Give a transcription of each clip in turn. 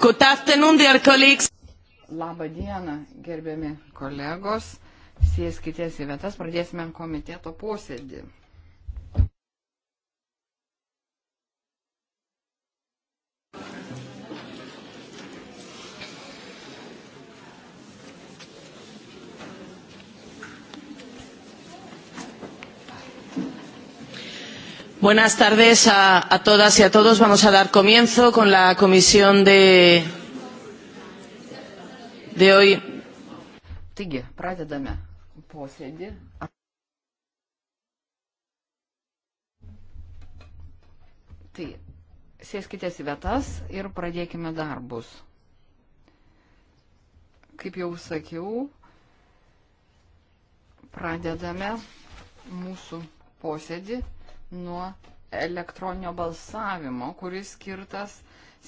Good afternoon, dear colleagues. Labą dieną, gerbiami kolegos. Sėskitės į vietas, pradėsime komiteto posėdį. Buenas tardes a, a todas y a todos. Vamos a dar comienzo con la comisión de, de hoy. Taigi, pradedame posėdį. Tai sėskite į vietas ir pradėkime darbus. Kaip jau sakiau, pradedame mūsų posėdį nuo elektroninio balsavimo, kuris skirtas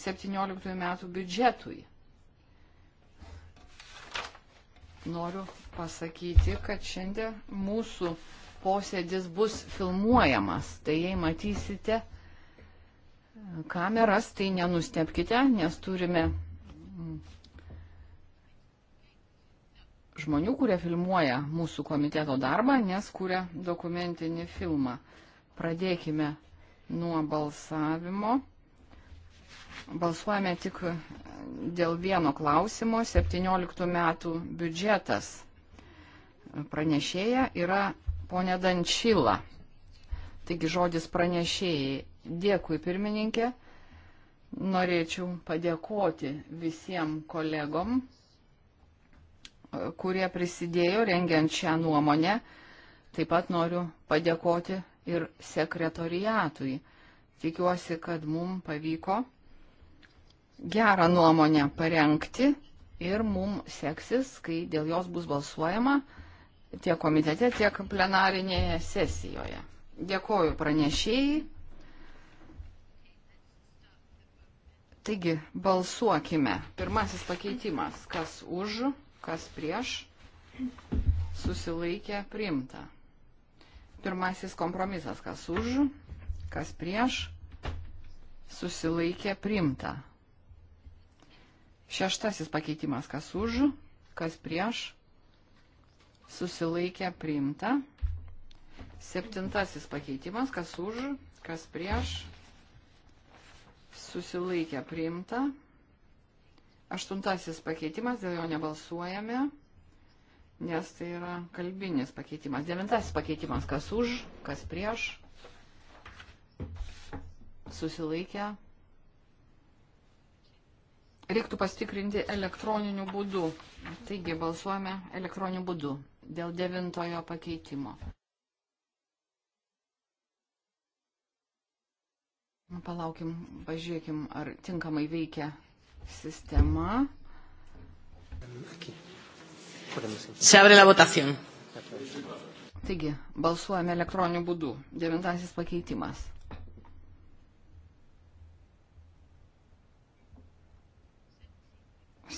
17 metų biudžetui. Noriu pasakyti, kad šiandien mūsų posėdis bus filmuojamas, tai jei matysite kameras, tai nenustepkite, nes turime žmonių, kurie filmuoja mūsų komiteto darbą, nes kuria dokumentinį filmą. Pradėkime nuo balsavimo. Balsuojame tik dėl vieno klausimo - 17 metų biudžetas. Pranešėja yra ponė Dančila. Taigi žodis pranešėjai. Dėkui pirmininkė. Norėčiau padėkoti visiems kolegom, kurie prisidėjo rengiant šią nuomonę. Taip pat noriu padėkoti ir sekretoriatui. Tikiuosi, kad mums pavyko gerą nuomonę parengti ir mums seksis, kai dėl jos bus balsuojama tiek komitete, tiek plenarinėje sesijoje. Dėkoju pranešėjai. Taigi, balsuokime. Pirmasis pakeitimas. Kas už, kas prieš. Susilaikė priimta. Pirmasis kompromisas, kas už, kas prieš, susilaikė primta. Šeštasis pakeitimas, kas už, kas prieš, susilaikė primta. Septintasis pakeitimas, kas už, kas prieš, susilaikė primta. Aštuntasis pakeitimas, dėl jo nebalsuojame nes tai yra kalbinis pakeitimas. Devintasis pakeitimas, kas už, kas prieš, susilaikę. Reiktų pastikrinti elektroniniu būdu. Taigi balsuojame elektroniniu būdu dėl devintojo pakeitimo. Nu, palaukim, pažiūrėkim, ar tinkamai veikia sistema. Okay. Se abre la votación. Taigi, balsuojame elektroniniu būdu. Devintasis pakeitimas.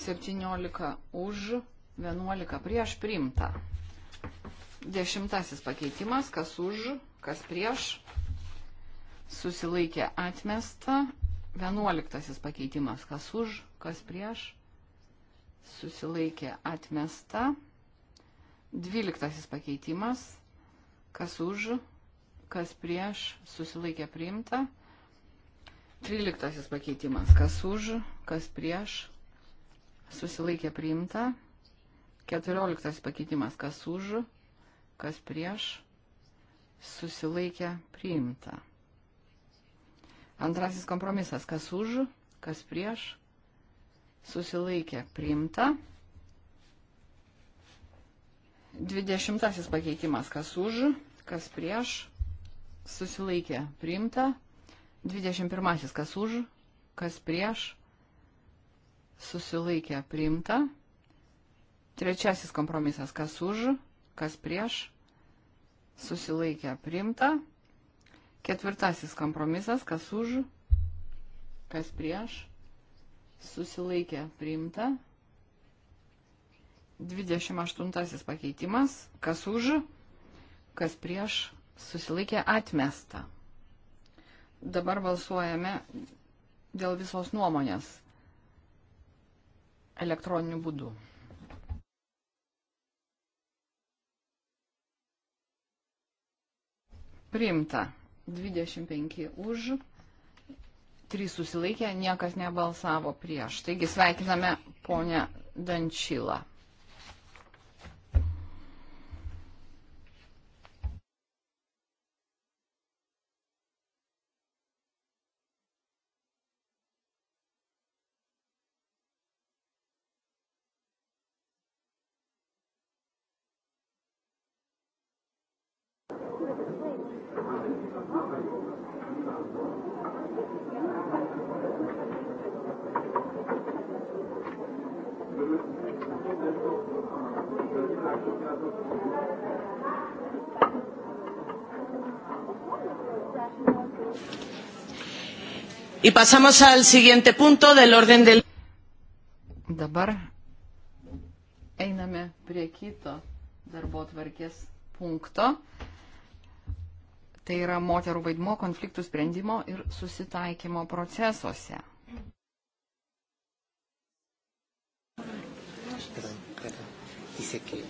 Septyniolika už, vienuolika prieš priimta. Dešimtasis pakeitimas, kas už, kas prieš, susilaikė atmesta. Vienuoliktasis pakeitimas, kas už, kas prieš, susilaikė atmesta. Dvyliktasis pakeitimas, kas už, kas prieš, susilaikė priimta. Tryliktasis pakeitimas, kas už, kas prieš, susilaikė priimta. Keturioliktasis pakeitimas, kas už, kas prieš, susilaikė priimta. Antrasis kompromisas, kas už, kas prieš, susilaikė priimta. Dvidešimtasis pakeitimas, kas už, kas prieš, susilaikė priimta. Dvidešimt pirmasis, kas už, kas prieš, susilaikė priimta. Trečiasis kompromisas, kas už, kas prieš, susilaikė priimta. Ketvirtasis kompromisas, kas už, kas prieš, susilaikė priimta. 28 pakeitimas, kas už, kas prieš, susilaikė atmesta. Dabar balsuojame dėl visos nuomonės elektroniniu būdu. Priimta 25 už. Trys susilaikė, niekas nebalsavo prieš. Taigi sveikiname ponę Dančylą. pasamos al siguiente punto del orden del. Dabar einame prie kito darbo tvarkės punkto. Tai yra moterų vaidmo konfliktų sprendimo ir susitaikymo procesuose. Dice que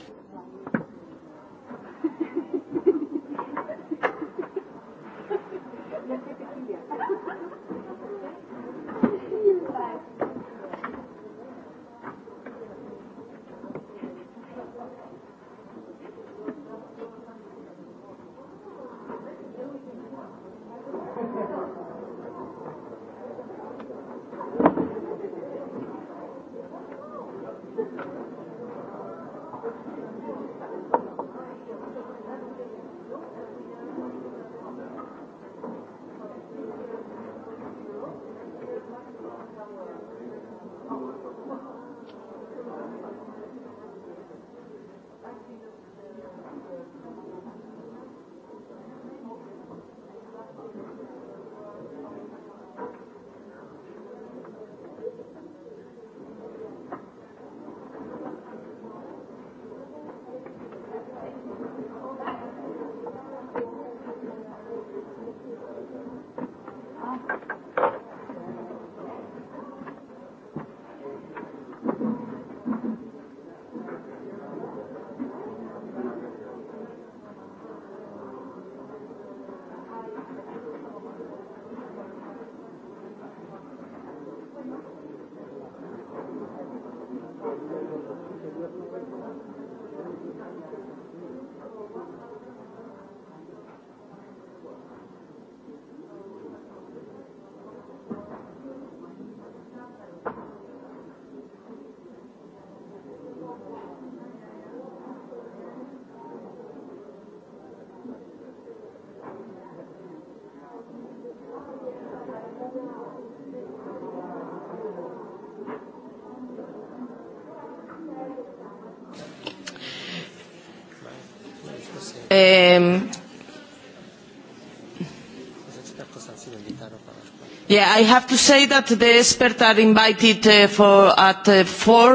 Yeah, I have to say that the experts are invited uh, for at uh, four.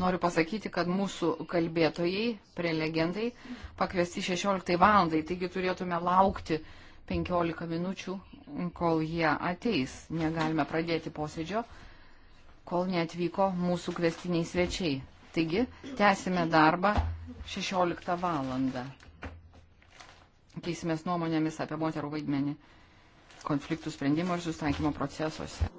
Noriu pasakyti, kad mūsų kalbėtojai, prelegentai, pakviesti 16 valandai, taigi turėtume laukti 15 minučių, kol jie ateis. Negalime pradėti posėdžio, kol neatvyko mūsų kvestiniai svečiai. Taigi, tęsime darbą 16 valandą. Keisimės nuomonėmis apie moterų vaidmenį konfliktų sprendimo ir sustaikymo procesuose.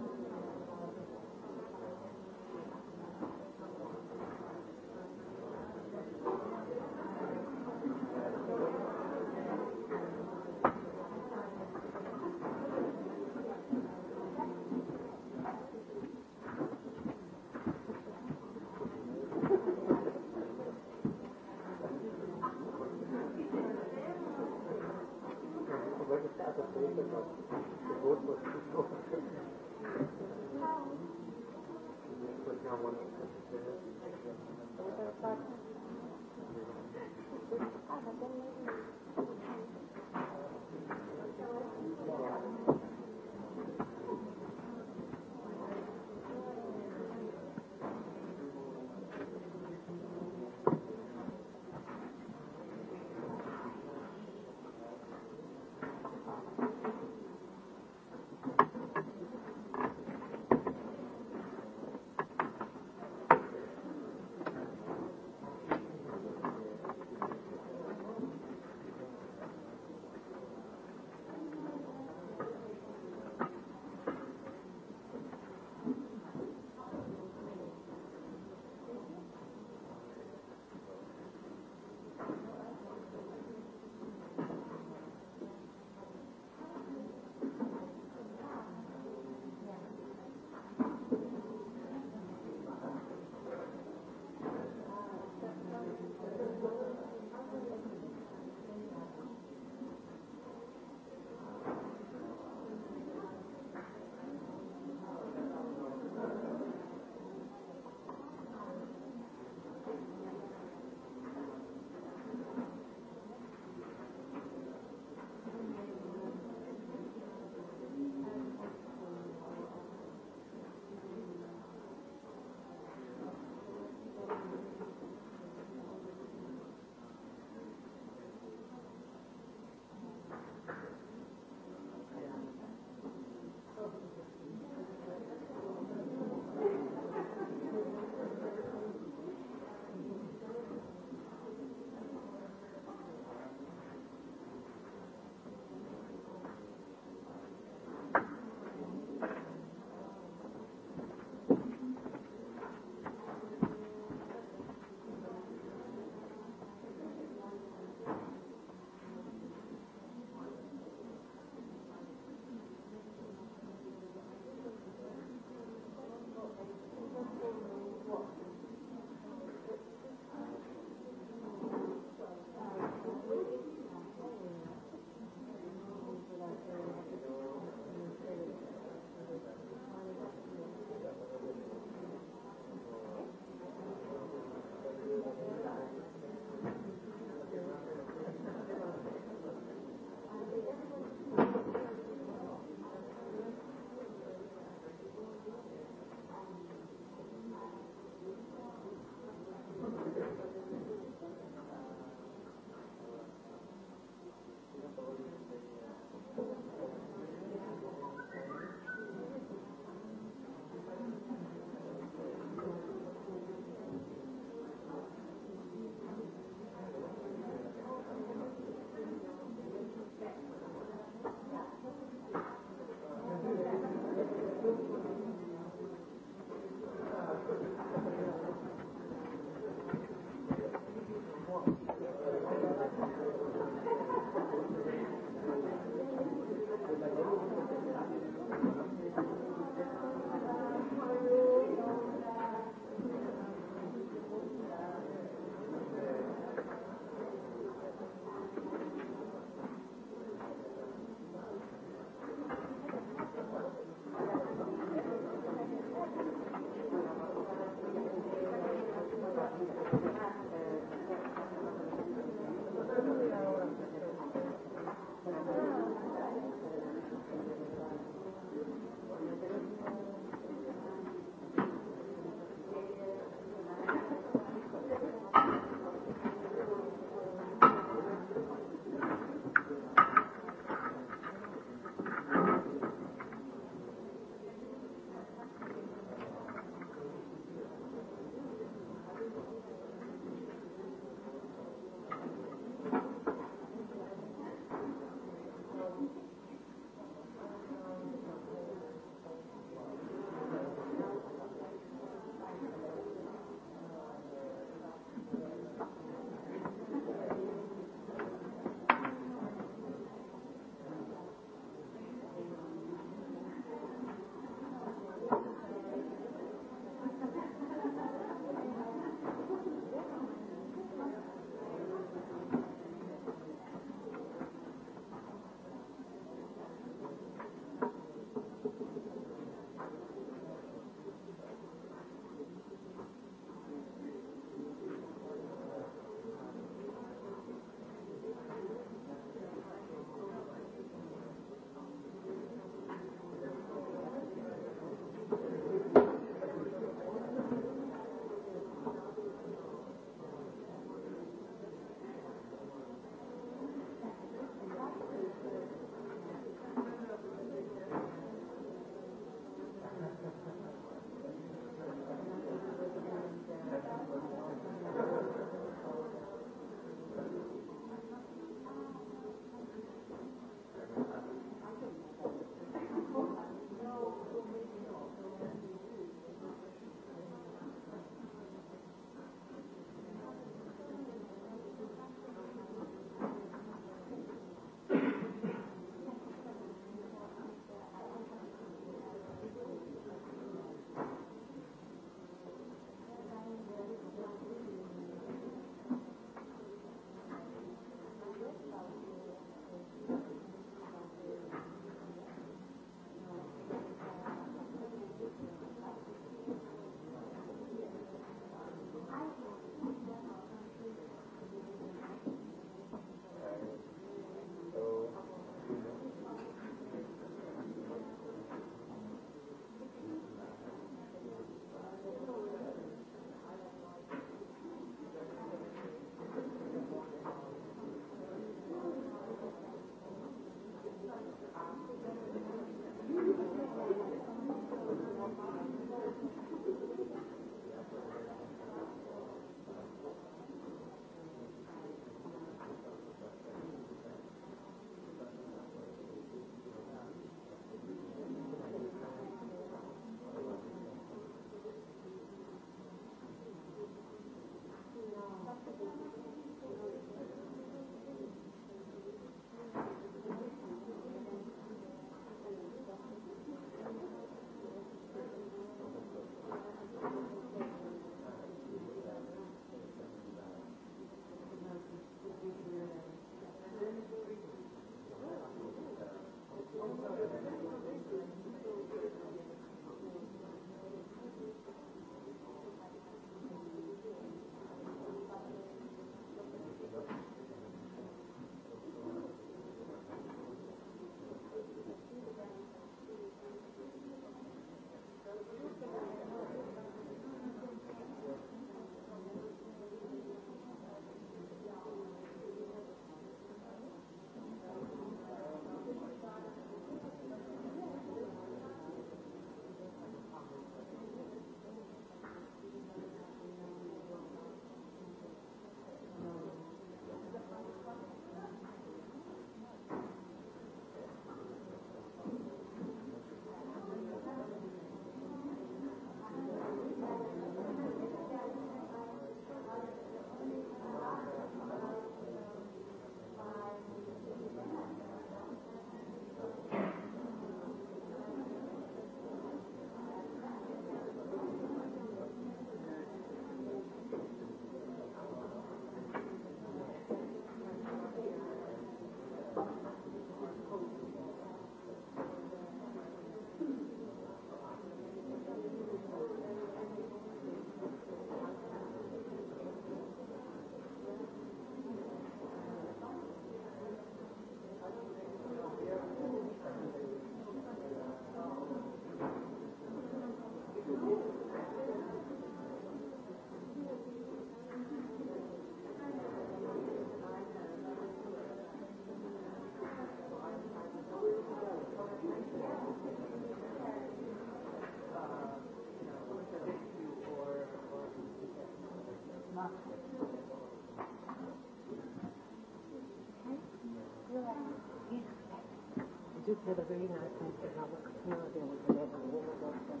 They had a very nice meeting. I was clear there was a level all about them.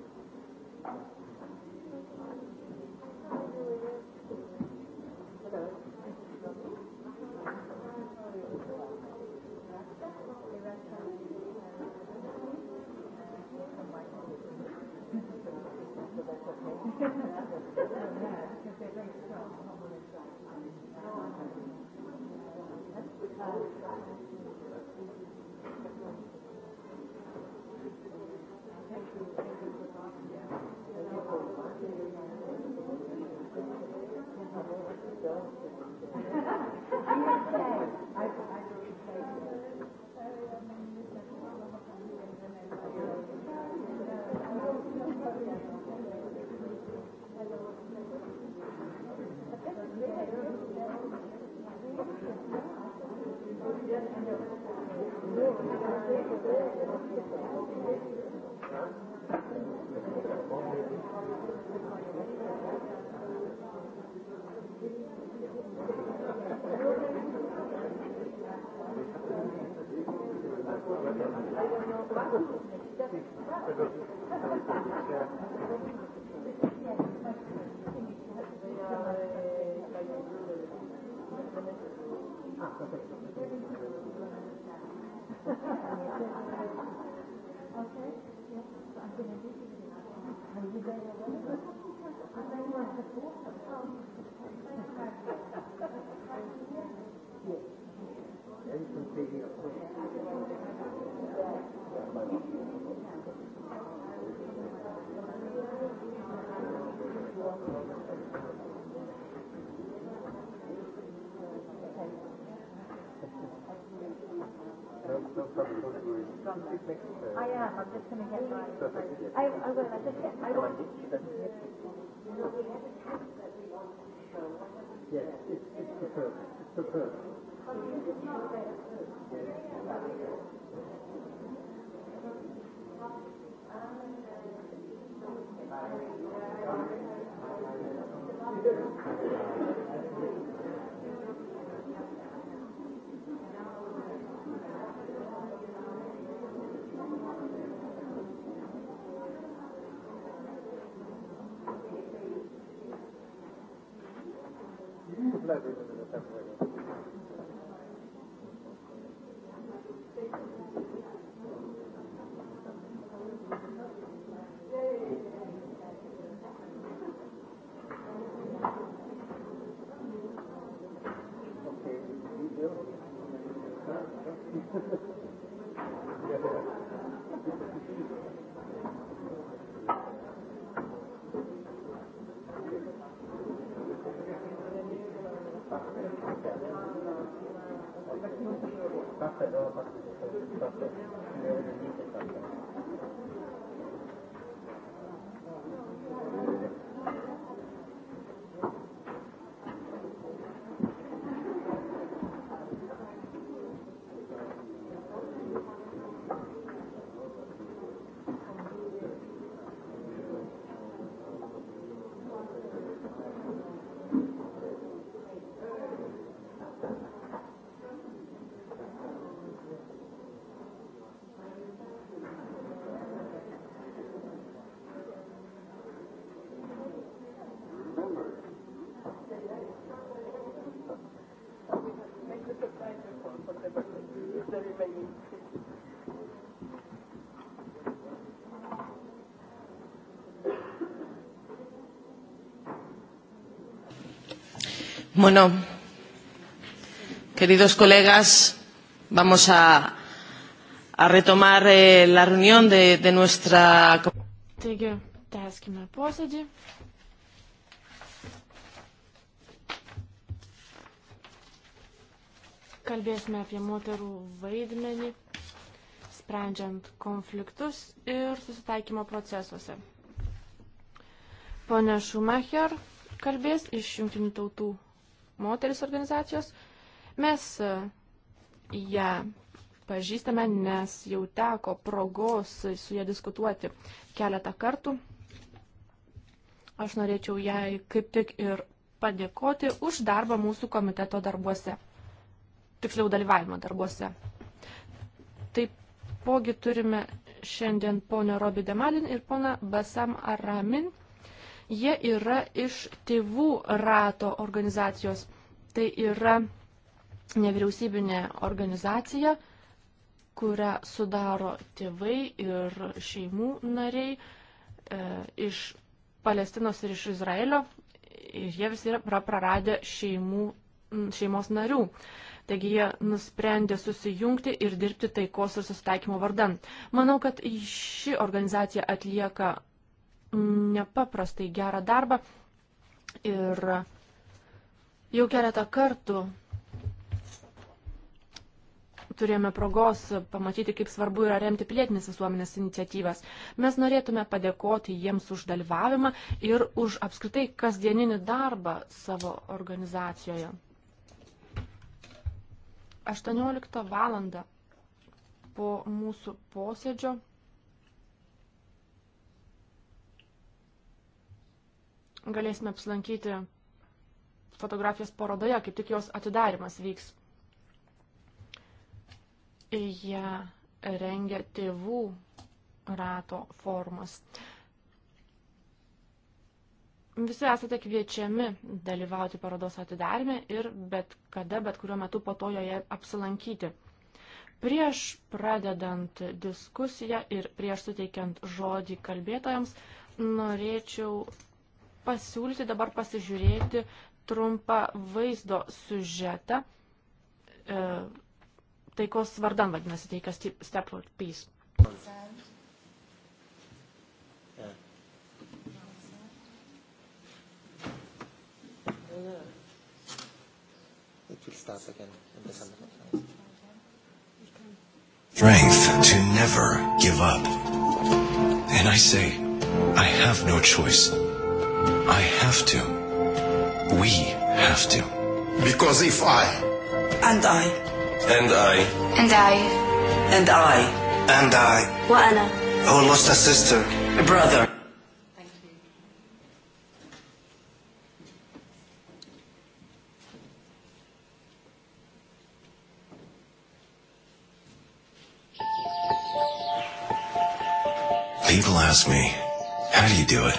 Hello. Thank you. I, I, I I am. I'm just going to get my. I, I will. I just get my. I want it. Yes, it's, it's preferred. It's preferred. Yes. Bueno, queridos colegas, vamos a, a retomar eh, la reunión de, de nuestra. Taigi, tęskime posėdį. Kalbėsime apie moterų vaidmenį, sprendžiant konfliktus ir susitaikymo procesuose. Pone Šumacher kalbės iš Junktinių tautų moteris organizacijos. Mes e, ją pažįstame, nes jau teko progos su ją diskutuoti keletą kartų. Aš norėčiau jai kaip tik ir padėkoti už darbą mūsų komiteto darbuose, tiksliau dalyvavimą darbuose. Taipogi turime šiandien ponę Robį Demalin ir poną Basam Aramin. Jie yra iš tėvų rato organizacijos. Tai yra nevyriausybinė organizacija, kurią sudaro tėvai ir šeimų nariai e, iš Palestinos ir iš Izraelio. Ir jie visi yra praradę šeimų, šeimos narių. Taigi jie nusprendė susijungti ir dirbti taikos ir susitaikymo vardan. Manau, kad ši organizacija atlieka nepaprastai gerą darbą ir jau keletą kartų turėjome progos pamatyti, kaip svarbu yra remti pilietinės visuomenės iniciatyvas. Mes norėtume padėkoti jiems už dalyvavimą ir už apskritai kasdieninį darbą savo organizacijoje. 18 valandą po mūsų posėdžio galėsime apsilankyti fotografijos parodoje, kaip tik jos atidarimas vyks. Jie rengia tėvų rato formas. Visi esate kviečiami dalyvauti parodos atidarime ir bet kada, bet kuriuo metu po to joje apsilankyti. Prieš pradedant diskusiją ir prieš suteikiant žodį kalbėtojams, norėčiau pasiūlyti dabar pasižiūrėti trumpą vaizdo sužetą. E, taikos vardan vadinasi tai, kas Stepford Peace. Strength to never give up. And I say, I have no choice. I have to. We have to. Because if I. And I. And I. And I. And I. And I. وأنا. Who oh, lost a sister. A brother. People ask me, how do you do it?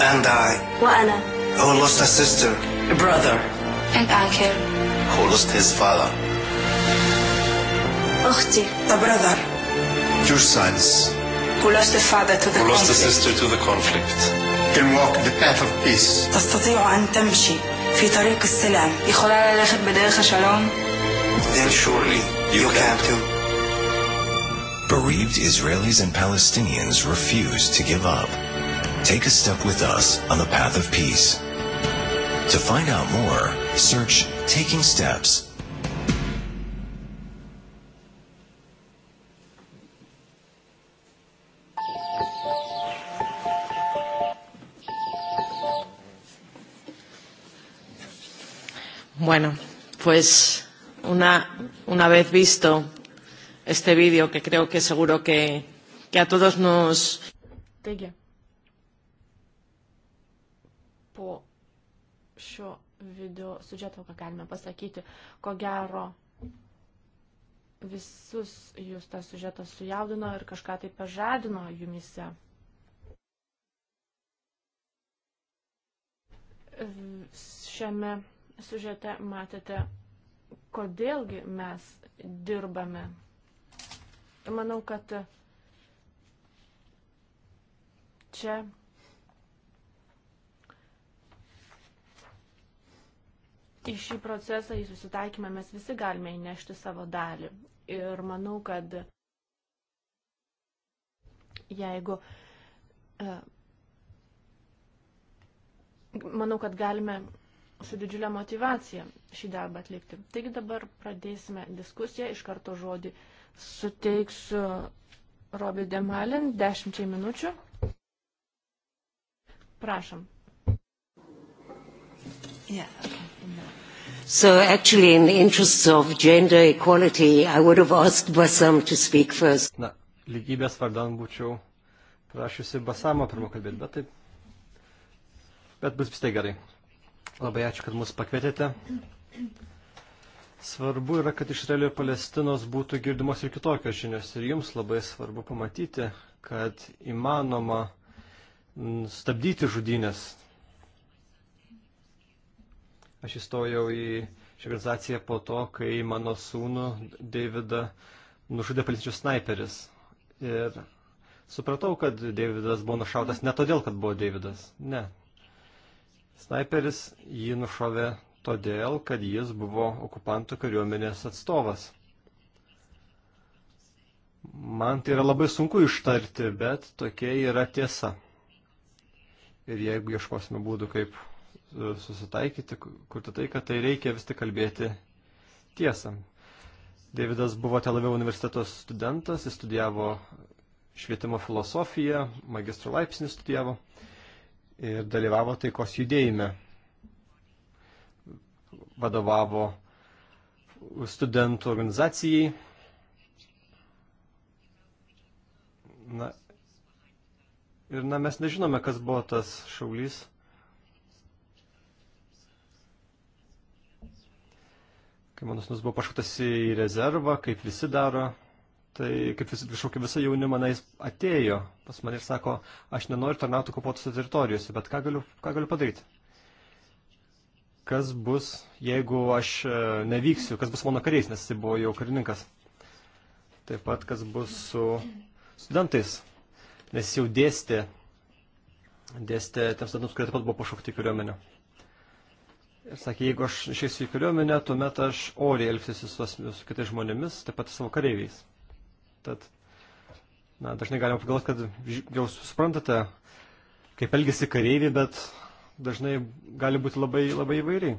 And I وأنا who lost a sister a brother and uncle who lost his father أختي a brother your sons who lost a father to the who conflict. lost a sister to the conflict can walk the path of peace تستطيع أن تمشي في طريق السلام יכולה ללכת בדרך השלום then surely you, you can, can too Bereaved Israelis and Palestinians refuse to give up. Take a step with us on the path of peace. To find out more, search Taking Steps. Bueno, pues una, una vez visto este vídeo, que creo que seguro que, que a todos nos. Taigi, po šio video sudžeto, ką galime pasakyti, ko gero visus jūs tas sužetas sujaudino ir kažką tai pažadino jumise. Šiame sužete matėte, kodėlgi mes dirbame. Manau, kad čia į šį procesą, į susitaikymą mes visi galime įnešti savo dalį. Ir manau, kad jeigu. E, manau, kad galime su didžiulė motivacija šį darbą atlikti. Taigi dabar pradėsime diskusiją. Iš karto žodį suteiksiu Robi Demalin dešimčiai minučių. Prašom. Yeah, okay. So actually, in the interests of gender equality, I would have asked Basam to speak first. Na, lygybės vardan būčiau prašiusi Basamo pirmą kalbėti, bet taip. Bet bus vis tai gerai. Labai ačiū, kad mus pakvietėte. Svarbu yra, kad iš Izraelio ir Palestinos būtų girdimos ir kitokios žinios. Ir jums labai svarbu pamatyti, kad įmanoma stabdyti žudynės Aš įstojau į šią organizaciją po to, kai mano sūnų Davidą nužudė palestiniečių snaiperis. Ir supratau, kad Davidas buvo nušautas ne todėl, kad buvo Davidas. Ne. Snaiperis jį nušovė todėl, kad jis buvo okupantų kariuomenės atstovas. Man tai yra labai sunku ištarti, bet tokia yra tiesa. Ir jeigu ieškosime būdų, kaip susitaikyti, kurti tai, kad tai reikia vis tik kalbėti tiesą. Davidas buvo Tel Avivo universiteto studentas, jis studijavo švietimo filosofiją, magistro laipsnį studijavo ir dalyvavo taikos judėjime. Vadovavo studentų organizacijai. Na, ir na, mes nežinome, kas buvo tas šaulys, kai mano sunus buvo pašauktas į rezervą, kaip visi daro, tai kaip vis, kažkokia visa jaunima nais atėjo pas mane ir sako, aš nenoriu tarnauti okupotose teritorijose, bet ką galiu, ką galiu padaryti? Kas bus, jeigu aš e, nevyksiu, kas bus mano kariais, nes jis buvo jau karininkas. Taip pat, kas bus su studentais, nes jau dėstė, dėstė tiems studentams, kurie taip pat buvo pašaukti kariuomenę. Ir sakė, jeigu aš išeisiu į kariuomenę, tuomet aš oriai elgsiuosi su, su kitais žmonėmis, taip pat savo kareiviais. Tad, na, dažnai galima pagalvoti, kad jau suprantate, kaip elgesi kareiviai, bet dažnai gali būti labai, labai įvairiai.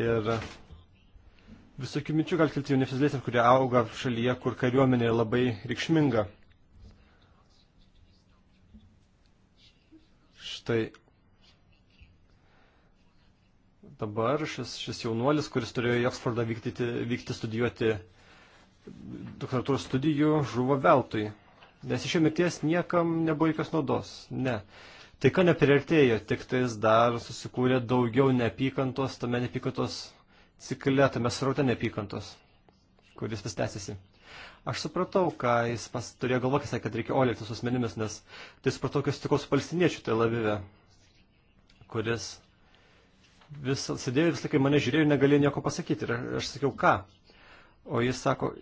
Ir visokių minčių gali kilti jaunifizlėsiams, kurie auga šalyje, kur kariuomenė labai reikšminga. Štai dabar šis, šis jaunuolis, kuris turėjo į Oksfordą vykti, vykti studijuoti doktoratūros studijų, žuvo veltui. Nes iš jo mirties niekam nebuvo jokios naudos. Ne. Taika nepriartėjo, tik tais dar susikūrė daugiau neapykantos, tame neapykantos cikle, tame sraute neapykantos, kuris vis tęsiasi. Aš supratau, ką jis pas, turėjo galvoje, kai sakė, kad reikia olėti su asmenimis, nes tai supratau, kai sutikau su palestiniečiu Tel Avive, kuris visą sėdėjo ir visą laiką mane žiūrėjo ir negalėjo nieko pasakyti. Ir aš sakiau, ką? O jis sako,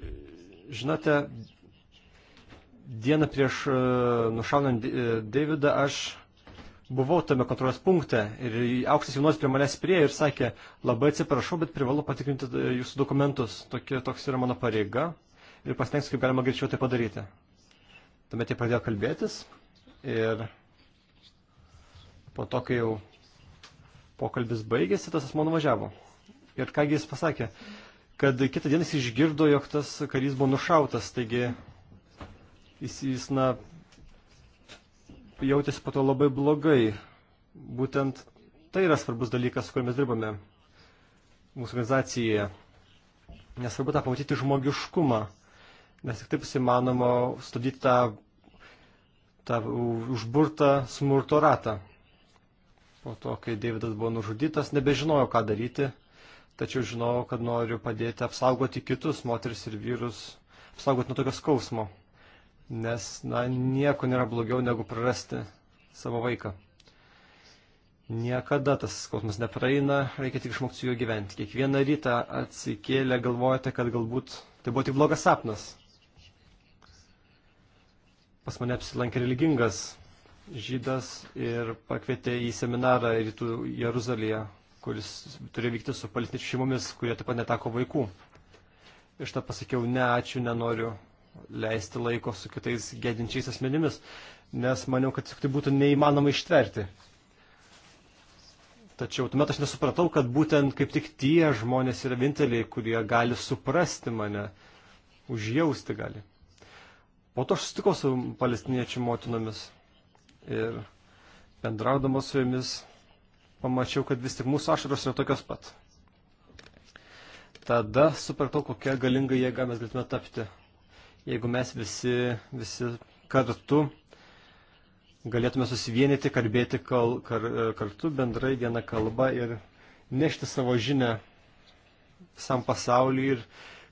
žinote, dieną prieš e, nušaunant Davidą e, aš buvau tame kontrolės punkte ir aukštas jaunos prie manęs prie ir sakė, labai atsiprašau, bet privalu patikrinti e, jūsų dokumentus. Tokia, toks yra mano pareiga ir pasitengsiu, kaip galima greičiau tai padaryti. Tuomet jie pradėjo kalbėtis ir po to, kai jau Pokalbis baigėsi, tas asmo nuvažiavo. Ir kągi jis pasakė, kad kitą dieną jis išgirdo, jog tas karys buvo nušautas, taigi jis, jis na, jautėsi po to labai blogai. Būtent tai yra svarbus dalykas, su kuriuo mes dirbame mūsų organizacijoje. Nesvarbu tą pamatyti žmogiškumą, nes tik taip įmanoma studyti tą, tą užburtą smurto ratą po to, kai Davidas buvo nužudytas, nebežinojau, ką daryti, tačiau žinojau, kad noriu padėti apsaugoti kitus moteris ir vyrus, apsaugoti nuo tokio skausmo, nes, na, nieko nėra blogiau, negu prarasti savo vaiką. Niekada tas skausmas nepraeina, reikia tik išmokti su juo gyventi. Kiekvieną rytą atsikėlę galvojate, kad galbūt tai buvo tik blogas sapnas. Pas mane apsilankė religingas žydas ir pakvietė į seminarą rytų Jeruzalėje, kuris turėjo vykti su palestiniečių šeimomis, kurie taip pat neteko vaikų. Iš tą pasakiau, ne, ačiū, nenoriu leisti laiko su kitais gedinčiais asmenimis, nes maniau, kad tai būtų neįmanoma ištverti. Tačiau tuomet aš nesupratau, kad būtent kaip tik tie žmonės yra vieninteliai, kurie gali suprasti mane, užjausti gali. Po to aš susitikau su palestiniečių motinomis ir bendraudamas su jumis pamačiau, kad vis tik mūsų ašaros yra tokios pat. Tada supratau, kokia galinga jėga mes galime tapti, jeigu mes visi, visi kartu galėtume susivienyti, kalbėti kal, kar, kartu bendrai vieną kalbą ir nešti savo žinę visam pasauliu ir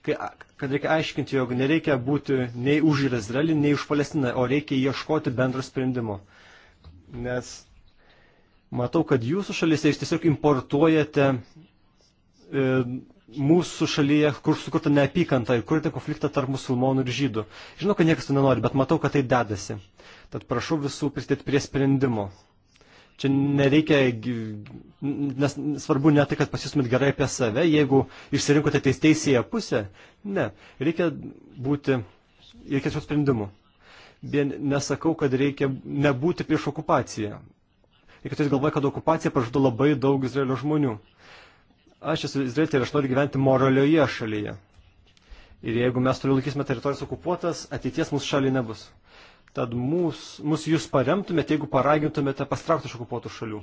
kai, kad reikia aiškinti, jog nereikia būti nei už Izraelį, nei už Palestiną, o reikia ieškoti bendro sprendimo nes matau, kad jūsų šalyse jūs tiesiog importuojate e, mūsų šalyje, kur sukurta neapykanta ir kurite konfliktą tarp musulmonų ir žydų. Žinau, kad niekas to nenori, bet matau, kad tai dedasi. Tad prašau visų prisidėti prie sprendimo. Čia nereikia, nes svarbu ne tai, kad pasistumėt gerai apie save, jeigu išsirinkote teis teisėje pusę. Ne, reikia būti, reikia šių sprendimų nesakau, kad reikia nebūti prieš okupaciją. Ir kad jūs galvoja, kad okupacija pražudo labai daug Izraelio žmonių. Aš esu Izraelitė ir aš noriu gyventi moralioje šalyje. Ir jeigu mes toliau laikysime teritorijas okupuotas, ateities mūsų šaliai nebus. Tad mūs, mus jūs paremtumėte, jeigu paragintumėte pastraukti iš okupuotų šalių.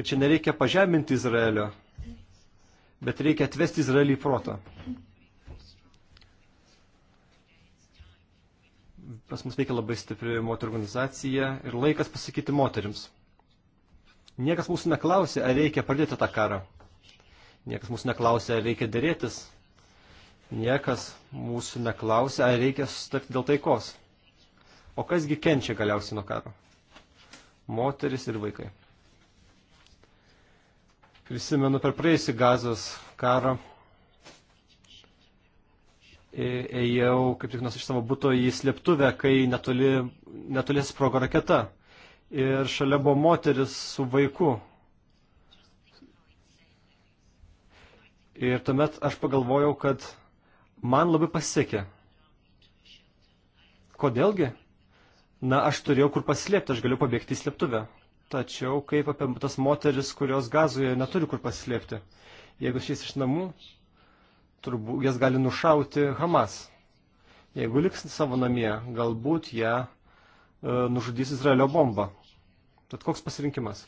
Ir čia nereikia pažeminti Izraelio, bet reikia atvesti Izraelį į protą. Pas mus veikia labai stipri moterų organizacija ir laikas pasakyti moterims. Niekas mūsų neklausė, ar reikia pradėti tą karą. Niekas mūsų neklausė, ar reikia dėrėtis. Niekas mūsų neklausė, ar reikia susitarti dėl taikos. O kasgi kenčia galiausiai nuo karo? Moteris ir vaikai. Prisimenu per praėjusį gazos karą E, ėjau, kaip tik nors iš savo būto į slėptuvę, kai netoli, netoli sprogo raketa. Ir šalia buvo moteris su vaiku. Ir tuomet aš pagalvojau, kad man labai pasisekė. Kodėlgi? Na, aš turėjau kur paslėpti, aš galiu pabėgti į slėptuvę. Tačiau kaip apie tas moteris, kurios gazoje neturi kur paslėpti. Jeigu šis iš namų, turbūt jas gali nušauti Hamas. Jeigu liks savo namie, galbūt ją e, nužudys Izraelio bomba. Tad koks pasirinkimas?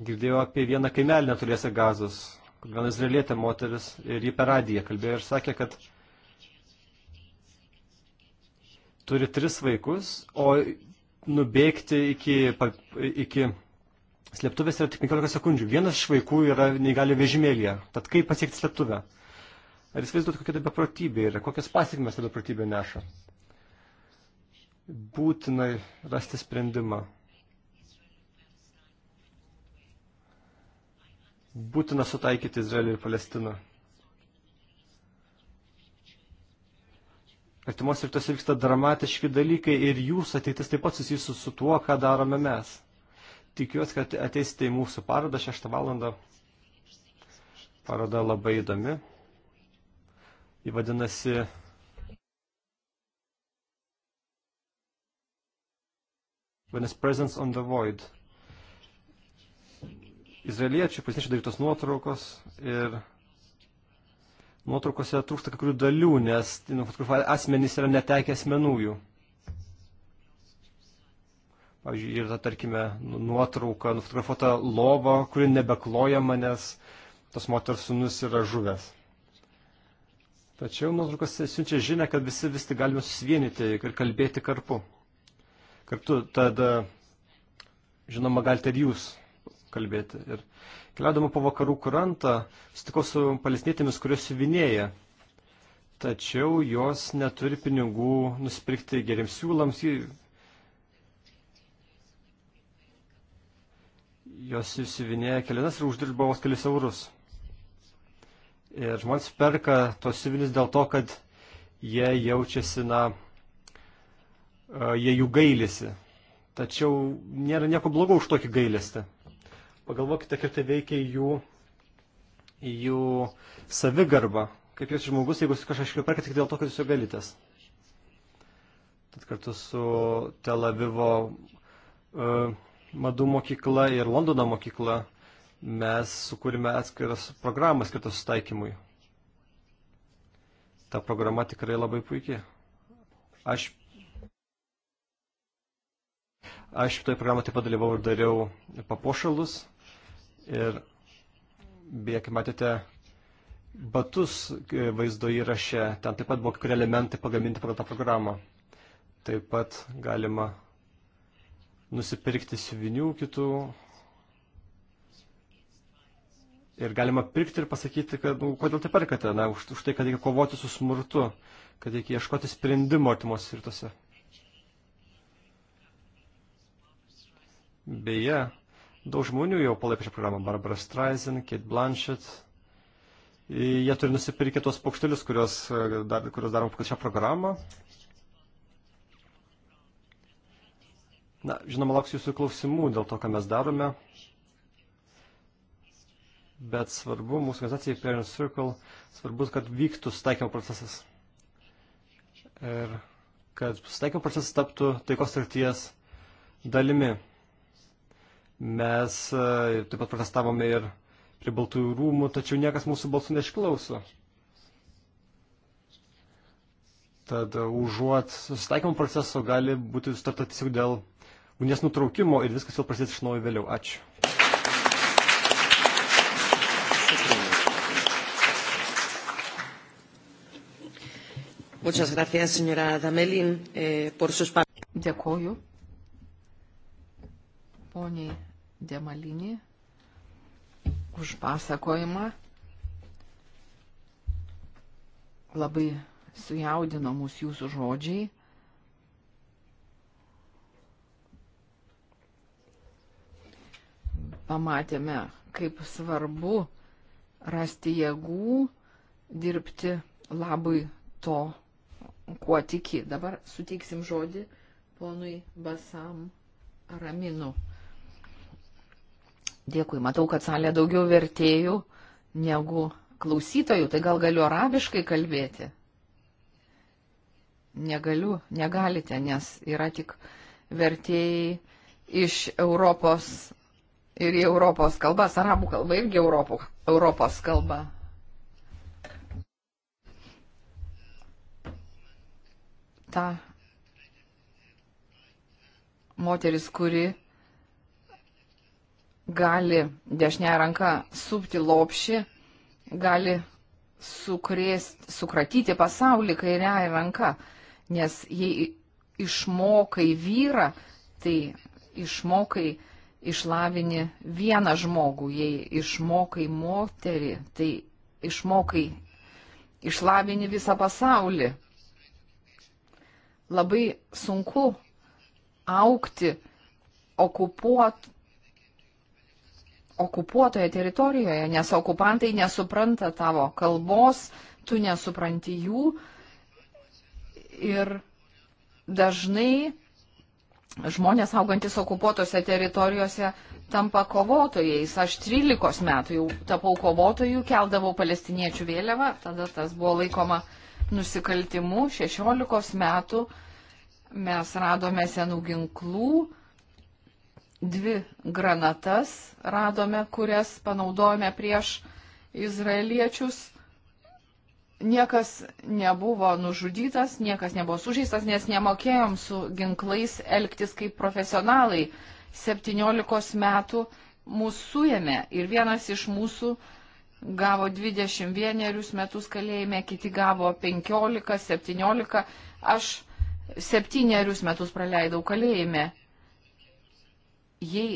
Girdėjau apie vieną kaimelį netoliese gazos, kur viena izraelietė moteris ir ji per radiją kalbėjo ir sakė, kad turi tris vaikus, o nubėgti iki, iki Slėptuvės yra tik 15 sekundžių. Vienas iš vaikų yra neįgali vežimėlėje. Tad kaip pasiekti slėptuvę? Ar jūs vaizduot, kokia tai beprotybė yra, kokias pasiekmes ta beprotybė neša? Būtina rasti sprendimą. Būtina sutaikyti Izraelį ir Palestiną. Artimos rytuose vyksta dramatiški dalykai ir jūs ateitis taip pat susijusi su tuo, ką darome mes tikiuosi, kad ateisite į mūsų parodą 6 valandą. Paroda labai įdomi. Ji vadinasi Vadinasi Presence on the Void. Izraeliečių pasinešių darytos nuotraukos ir nuotraukose trūksta kai kurių dalių, nes nufotografuoja asmenys yra netekę asmenų jų. Pavyzdžiui, yra, tarkime, nuotrauka, nufotografuota lova, kuri nebeklojama, nes tos moters sunus yra žuvęs. Tačiau nuotraukas siunčia žinę, kad visi vis tik galime susivienyti ir kalbėti karpu. Kartu, tad, žinoma, galite ir jūs kalbėti. Ir keliaudama po vakarų krantą, sutikau su palestinėtėmis, kurios siuvinėja tačiau jos neturi pinigų nusipirkti geriems siūlams, jos įsivinėja keliones ir uždirba vos kelius eurus. Ir žmonės perka tos įsivinis dėl to, kad jie jaučiasi, na, e, jie jų gailisi. Tačiau nėra nieko blogo už tokį gailestį. Pagalvokite, kaip tai veikia jų, jų savigarbą. Kaip jūs žmogus, jeigu jūs kažką perkat tik dėl to, kad jūs jo galitės. Tad kartu su Tel Avivo uh, madų mokykla ir Londono mokykla mes sukūrėme atskiras programas skirtas sutaikymui. Ta programa tikrai labai puikiai. Aš, aš toje programoje taip pat dalyvau ir dariau papuošalus. Ir beje, kaip matėte, batus e, vaizdo įraše, ten taip pat buvo kai kurie elementai pagaminti pagal tą programą. Taip pat galima nusipirkti siuvinių kitų. Ir galima pirkti ir pasakyti, kad, nu, kodėl tai perkate, na, už, už tai, kad reikia kovoti su smurtu, kad reikia ieškoti sprendimo artimos rytuose. Beje, daug žmonių jau palaipė šią programą. Barbara Streisand, Kate Blanchett. Jie turi nusipirkę tuos paukštelius, kuriuos, e, dar, kuriuos darom pagal šią programą. Na, žinoma, lauksiu jūsų klausimų dėl to, ką mes darome. Bet svarbu mūsų organizacijai Parent Circle, svarbus, kad vyktų sutaikymo procesas. Ir kad sutaikymo procesas taptų taikos tarties dalimi. Mes e, taip pat protestavome ir prie Baltųjų rūmų, tačiau niekas mūsų balsų neišklauso. Tad e, užuot susitaikymo proceso gali būti sutarta tiesiog dėl unės nutraukimo ir viskas vėl prasidės iš naujo vėliau. Ačiū. Muchas gracias, señora Damelin, eh, por sus palabras. Dėkoju. Poniai Demalinį už pasakojimą. Labai sujaudino mūsų jūsų žodžiai. pamatėme, kaip svarbu rasti jėgų, dirbti labai to, kuo tiki. Dabar suteiksim žodį ponui Basam Raminu. Dėkui, matau, kad salė daugiau vertėjų negu klausytojų, tai gal galiu arabiškai kalbėti? Negaliu, negalite, nes yra tik vertėjai iš Europos ir į Europos kalbas. Arabų kalba irgi Europų, Europos kalba. Ta moteris, kuri gali dešinę ranką supti lopšį, gali sukrėst, sukratyti pasaulį kairiąją ranką. Nes jei išmokai vyrą, tai išmokai išlavini vieną žmogų, jei išmokai moterį, tai išmokai, išlavini visą pasaulį. Labai sunku aukti okupuot, okupuotoje teritorijoje, nes okupantai nesupranta tavo kalbos, tu nesupranti jų ir dažnai žmonės augantis okupuotose teritorijose tampa kovotojais. Aš 13 metų jau tapau kovotojų, keldavau palestiniečių vėliavą, tada tas buvo laikoma nusikaltimu. 16 metų mes radome senų ginklų, dvi granatas radome, kurias panaudojome prieš izraeliečius niekas nebuvo nužudytas, niekas nebuvo sužeistas, nes nemokėjom su ginklais elgtis kaip profesionalai. 17 metų mūsų suėmė ir vienas iš mūsų gavo 21 metus kalėjime, kiti gavo 15, 17. Aš 7 metus praleidau kalėjime. Jei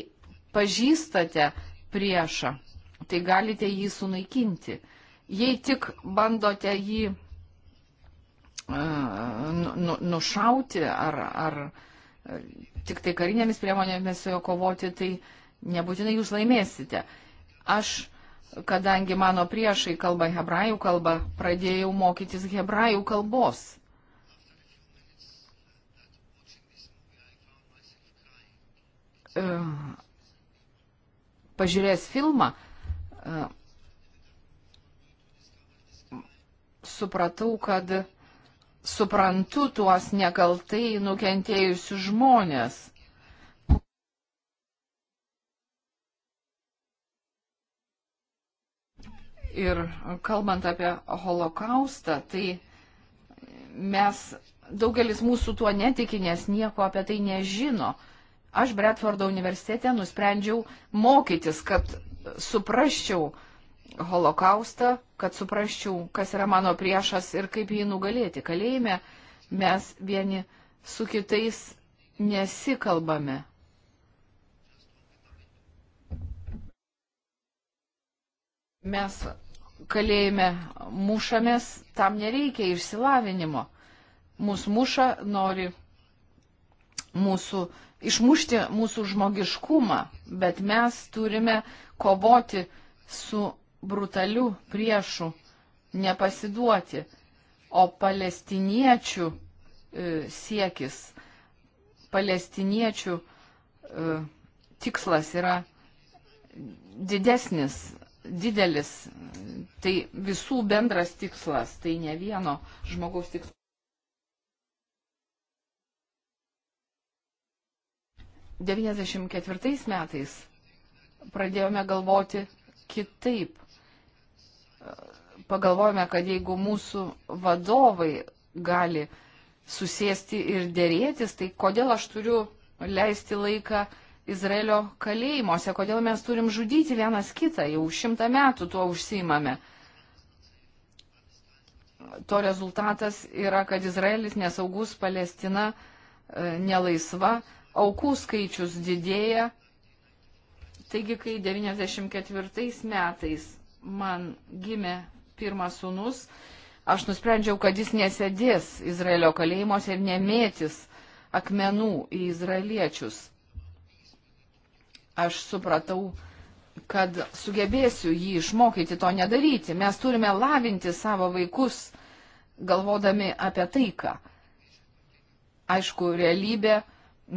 pažįstate priešą, tai galite jį sunaikinti jei tik bandote jį nu, nu, nušauti ar, ar e, tik tai karinėmis priemonėmis su juo kovoti, tai nebūtinai jūs laimėsite. Aš, kadangi mano priešai kalba hebrajų kalbą, pradėjau mokytis hebrajų kalbos. E, pažiūrės filmą, e, supratau, kad suprantu tuos nekaltai nukentėjusius žmonės. Ir kalbant apie holokaustą, tai mes, daugelis mūsų tuo netiki, nes nieko apie tai nežino. Aš Bretfordo universitete nusprendžiau mokytis, kad suprasčiau, uh, holokaustą, kad suprasčiau, kas yra mano priešas ir kaip jį nugalėti. Kalėjime mes vieni su kitais nesikalbame. Mes kalėjime mušamės, tam nereikia išsilavinimo. Mūsų muša nori mūsų, išmušti mūsų žmogiškumą, bet mes turime kovoti su brutalių priešų, nepasiduoti, o palestiniečių e, siekis, palestiniečių e, tikslas yra didesnis, didelis, tai visų bendras tikslas, tai ne vieno žmogaus tikslas. Devyniasdešimt ketvirtais metais pradėjome galvoti kitaip pagalvojame, kad jeigu mūsų vadovai gali susėsti ir dėrėtis, tai kodėl aš turiu leisti laiką Izraelio kalėjimuose, kodėl mes turim žudyti vienas kitą, jau šimtą metų tuo užsimame. To rezultatas yra, kad Izraelis nesaugus, Palestina e, nelaisva, aukų skaičius didėja. Taigi, kai 94 metais man gimė pirmas sunus, aš nusprendžiau, kad jis nesėdės Izraelio kalėjimuose ir nemėtis akmenų į izraeliečius. Aš supratau, kad sugebėsiu jį išmokyti to nedaryti. Mes turime lavinti savo vaikus, galvodami apie taiką. Aišku, realybė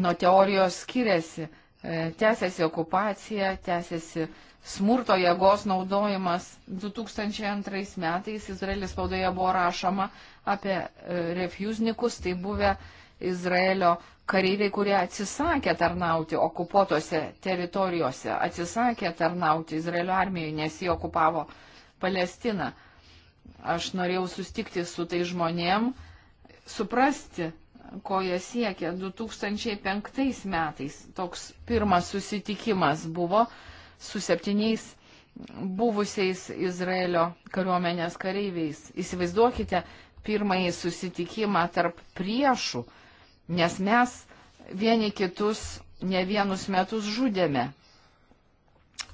nuo teorijos skiriasi. E, tęsiasi okupacija, tęsiasi smurto jėgos naudojimas. 2002 metais Izraelis spaudoje buvo rašoma apie e, refuznikus, tai buvę Izraelio kareiviai, kurie atsisakė tarnauti okupuotose teritorijose, atsisakė tarnauti Izraelio armijoje, nes jį okupavo Palestiną. Aš norėjau sustikti su tai žmonėm, suprasti, ko jie siekia. 2005 metais toks pirmas susitikimas buvo su septyniais buvusiais Izraelio kariuomenės kareiviais. Įsivaizduokite pirmąjį susitikimą tarp priešų, nes mes vieni kitus ne vienus metus žudėme.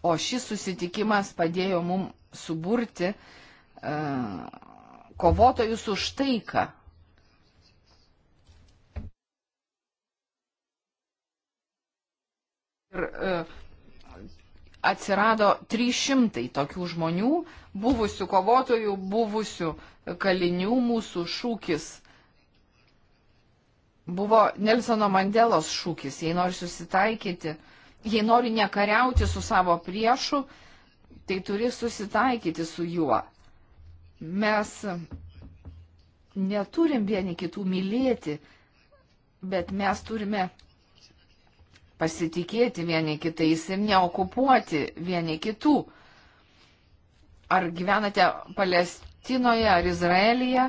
O šis susitikimas padėjo mum suburti uh, kovotojus už taiką, Ir e, atsirado 300 tokių žmonių, buvusių kovotojų, buvusių kalinių. Mūsų šūkis buvo Nelsono Mandelos šūkis, jei nori susitaikyti, jei nori nekariauti su savo priešu, tai turi susitaikyti su juo. Mes neturim vieni kitų mylėti, bet mes turime pasitikėti vieni kitais ir neokupuoti vieni kitų. Ar gyvenate Palestinoje ar Izraelyje,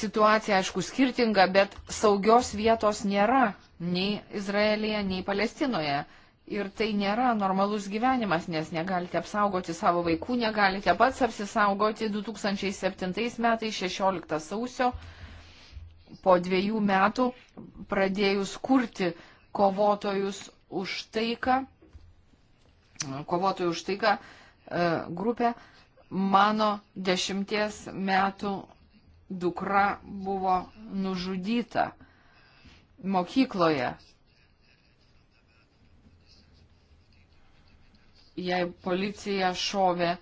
situacija aišku skirtinga, bet saugios vietos nėra nei Izraelyje, nei Palestinoje. Ir tai nėra normalus gyvenimas, nes negalite apsaugoti savo vaikų, negalite pats apsisaugoti 2007 metais 16 sausio po dviejų metų pradėjus kurti kovotojus už taiką, kovotojų už taiką e, grupę. Mano dešimties metų dukra buvo nužudyta mokykloje. Jei policija šovė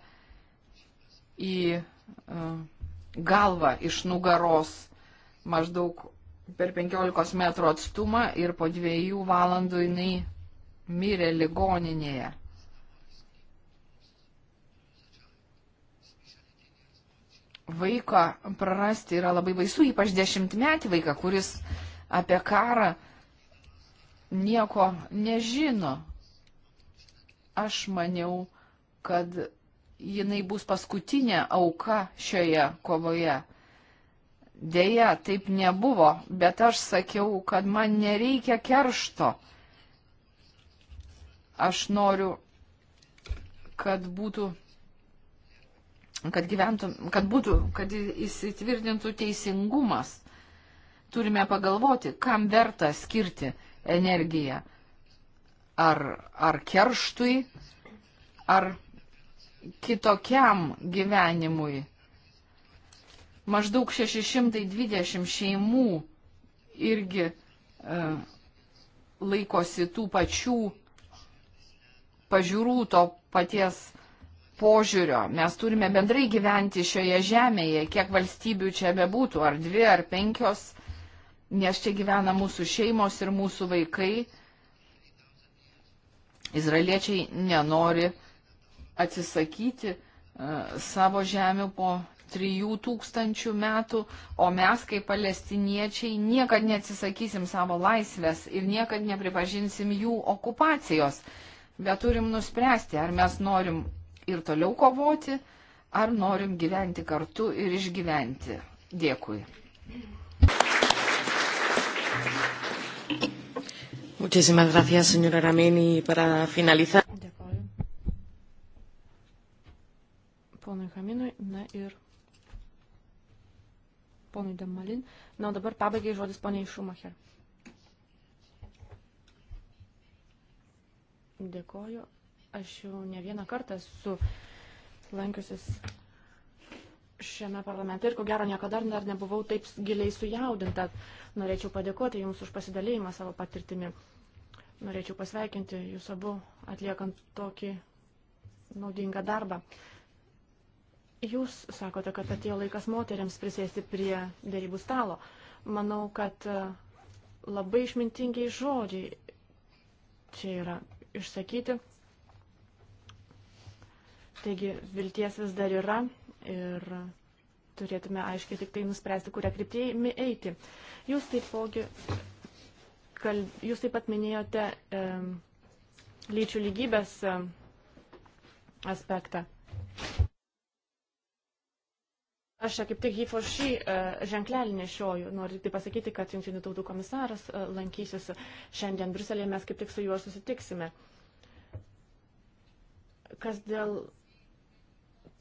į e, galvą iš nugaros maždaug per 15 metrų atstumą ir po dviejų valandų jinai mirė ligoninėje. Vaiką prarasti yra labai baisu, ypač dešimtmetį vaiką, kuris apie karą nieko nežino. Aš maniau, kad jinai bus paskutinė auka šioje kovoje Deja, taip nebuvo, bet aš sakiau, kad man nereikia keršto. Aš noriu, kad būtų, kad gyventum, kad būtų, kad įsitvirtintų teisingumas. Turime pagalvoti, kam verta skirti energiją. Ar, ar kerštui, ar kitokiam gyvenimui maždaug 620 šeimų irgi e, laikosi tų pačių pažiūrų, to paties požiūrio. Mes turime bendrai gyventi šioje žemėje, kiek valstybių čia bebūtų, ar dvi, ar penkios, nes čia gyvena mūsų šeimos ir mūsų vaikai. Izraeliečiai nenori atsisakyti uh, savo žemių po 3000 metų, o mes kaip palestiniečiai niekad neatsisakysim savo laisvės ir niekad nepripažinsim jų okupacijos. Bet turim nuspręsti, ar mes norim ir toliau kovoti, ar norim gyventi kartu ir išgyventi. Dėkui. Muchísimas gracias, señora Ramini. Para finalizar. Dėkoju. Ponui Haminui, na ir ponui Demalin. Na, o dabar pabaigai žodis poniai Šumacher. Dėkoju. Aš jau ne vieną kartą esu lankiusis šiame parlamente ir ko gero niekada dar nebuvau taip giliai sujaudinta. Norėčiau padėkoti Jums už pasidalėjimą savo patirtimi. Norėčiau pasveikinti Jūs abu atliekant tokį naudingą darbą. Jūs sakote, kad atėjo laikas moteriams prisėsti prie dėrybų stalo. Manau, kad e, labai išmintingiai žodžiai čia yra išsakyti. Taigi vilties vis dar yra ir turėtume aiškiai tik tai nuspręsti, kurią kryptį eiti. Jūs taipogi, kalb, jūs taip pat minėjote e, lyčių lygybės aspektą. Aš čia kaip tik HIFO šį e, ženklelį nešioju. Noriu tik tai pasakyti, kad Junktinių tautų komisaras e, lankysiuosi šiandien Briuselėje, mes kaip tik su juo susitiksime. Kas dėl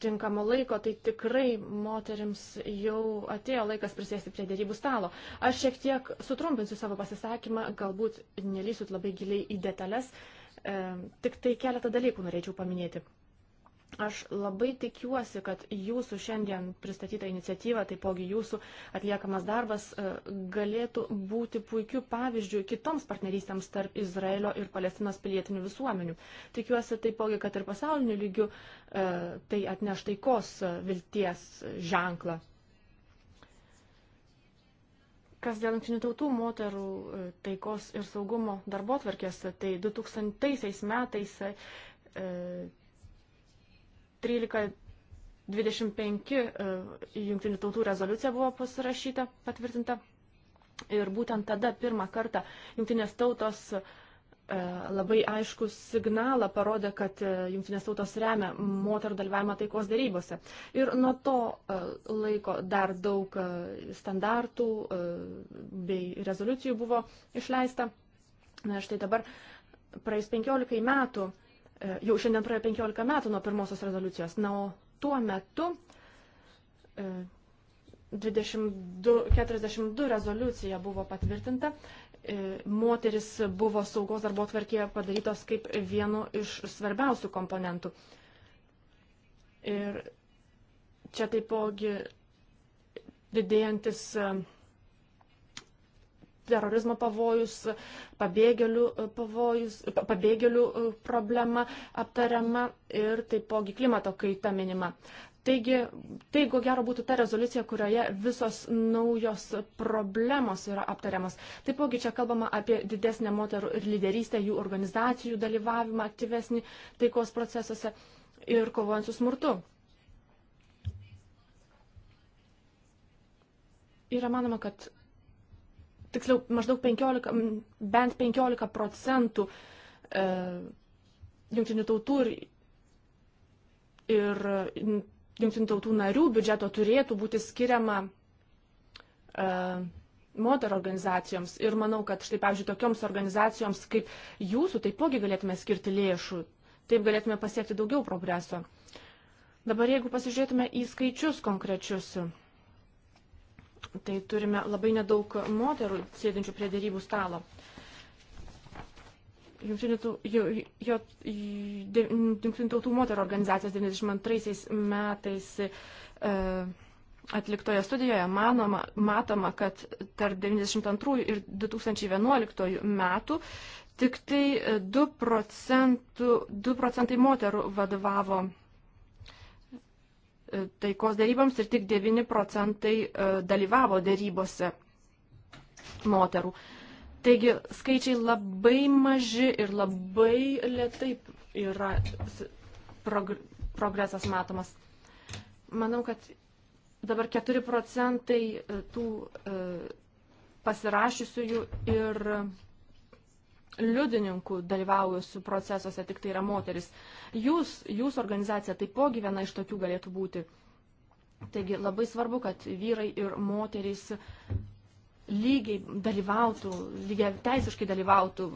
tinkamo laiko, tai tikrai moteriams jau atėjo laikas prisėsti prie dėrybų stalo. Aš šiek tiek sutrumpinsiu savo pasisakymą, galbūt nelysit labai giliai į detalės, e, tik tai keletą dalykų norėčiau paminėti. Aš labai tikiuosi, kad jūsų šiandien pristatyta iniciatyva, taipogi jūsų atliekamas darbas e, galėtų būti puikiu pavyzdžiu kitoms partnerystėms tarp Izraelio ir Palestinos pilietinių visuomenių. Tikiuosi taipogi, kad ir pasauliniu lygiu e, tai atneš taikos e, vilties ženklą. Kas dėl jungtinių tautų moterų taikos ir saugumo darbo tvarkės, tai 2000 metais 1325 e, jungtinių tautų rezoliucija buvo pasirašyta, patvirtinta. Ir būtent tada pirmą kartą jungtinės tautos e, labai aišku signalą parodė, kad e, jungtinės tautos remia moterų dalyvavimą taikos darybose. Ir nuo to laiko dar daug standartų bei rezoliucijų buvo išleista. Na štai dabar praeis 15 metų E, jau šiandien praėjo 15 metų nuo pirmosios rezoliucijos. Na, o tuo metu 22, e, 42 rezoliucija buvo patvirtinta. E, moteris buvo saugos darbo tvarkėje padarytos kaip vienu iš svarbiausių komponentų. Ir čia taipogi didėjantis uh, terorizmo pavojus, pabėgėlių e, pavojus, e, pabėgėlių e, problema aptariama ir taipogi klimato kaita minima. Taigi, tai ko gero būtų ta rezoliucija, kurioje visos naujos problemos yra aptariamas. Taipogi čia kalbama apie didesnę moterų ir lyderystę, jų organizacijų dalyvavimą aktyvesnį taikos procesuose ir kovojant su smurtu. Yra manoma, kad tiksliau, maždaug 15, bent 15 procentų e, jungtinių tautų ir, ir jungtinių tautų narių biudžeto turėtų būti skiriama e, moterų organizacijoms. Ir manau, kad štai, pavyzdžiui, tokioms organizacijoms kaip jūsų taipogi galėtume skirti lėšų. Taip galėtume pasiekti daugiau progreso. Dabar jeigu pasižiūrėtume į skaičius konkrečius tai turime labai nedaug moterų sėdinčių prie dėrybų stalo. Jungtinių tautų moterų organizacijos 92 metais e, atliktoje studijoje manoma, matoma, kad tarp 92 ir 2011 metų tik tai 2, procentų, 2 procentai moterų vadovavo E, taikos dėryboms ir tik 9 procentai e, dalyvavo dėrybose moterų. Taigi skaičiai labai maži ir labai lietai yra progresas matomas. Manau, kad dabar 4 procentai e, tų pasirašysiųjų ir liudininkų dalyvaujusių procesuose tik tai yra moteris. Jūs, jūsų organizacija taipogi viena iš tokių galėtų būti. Taigi labai svarbu, kad vyrai ir moterys lygiai dalyvautų, lygiai teisiškai dalyvautų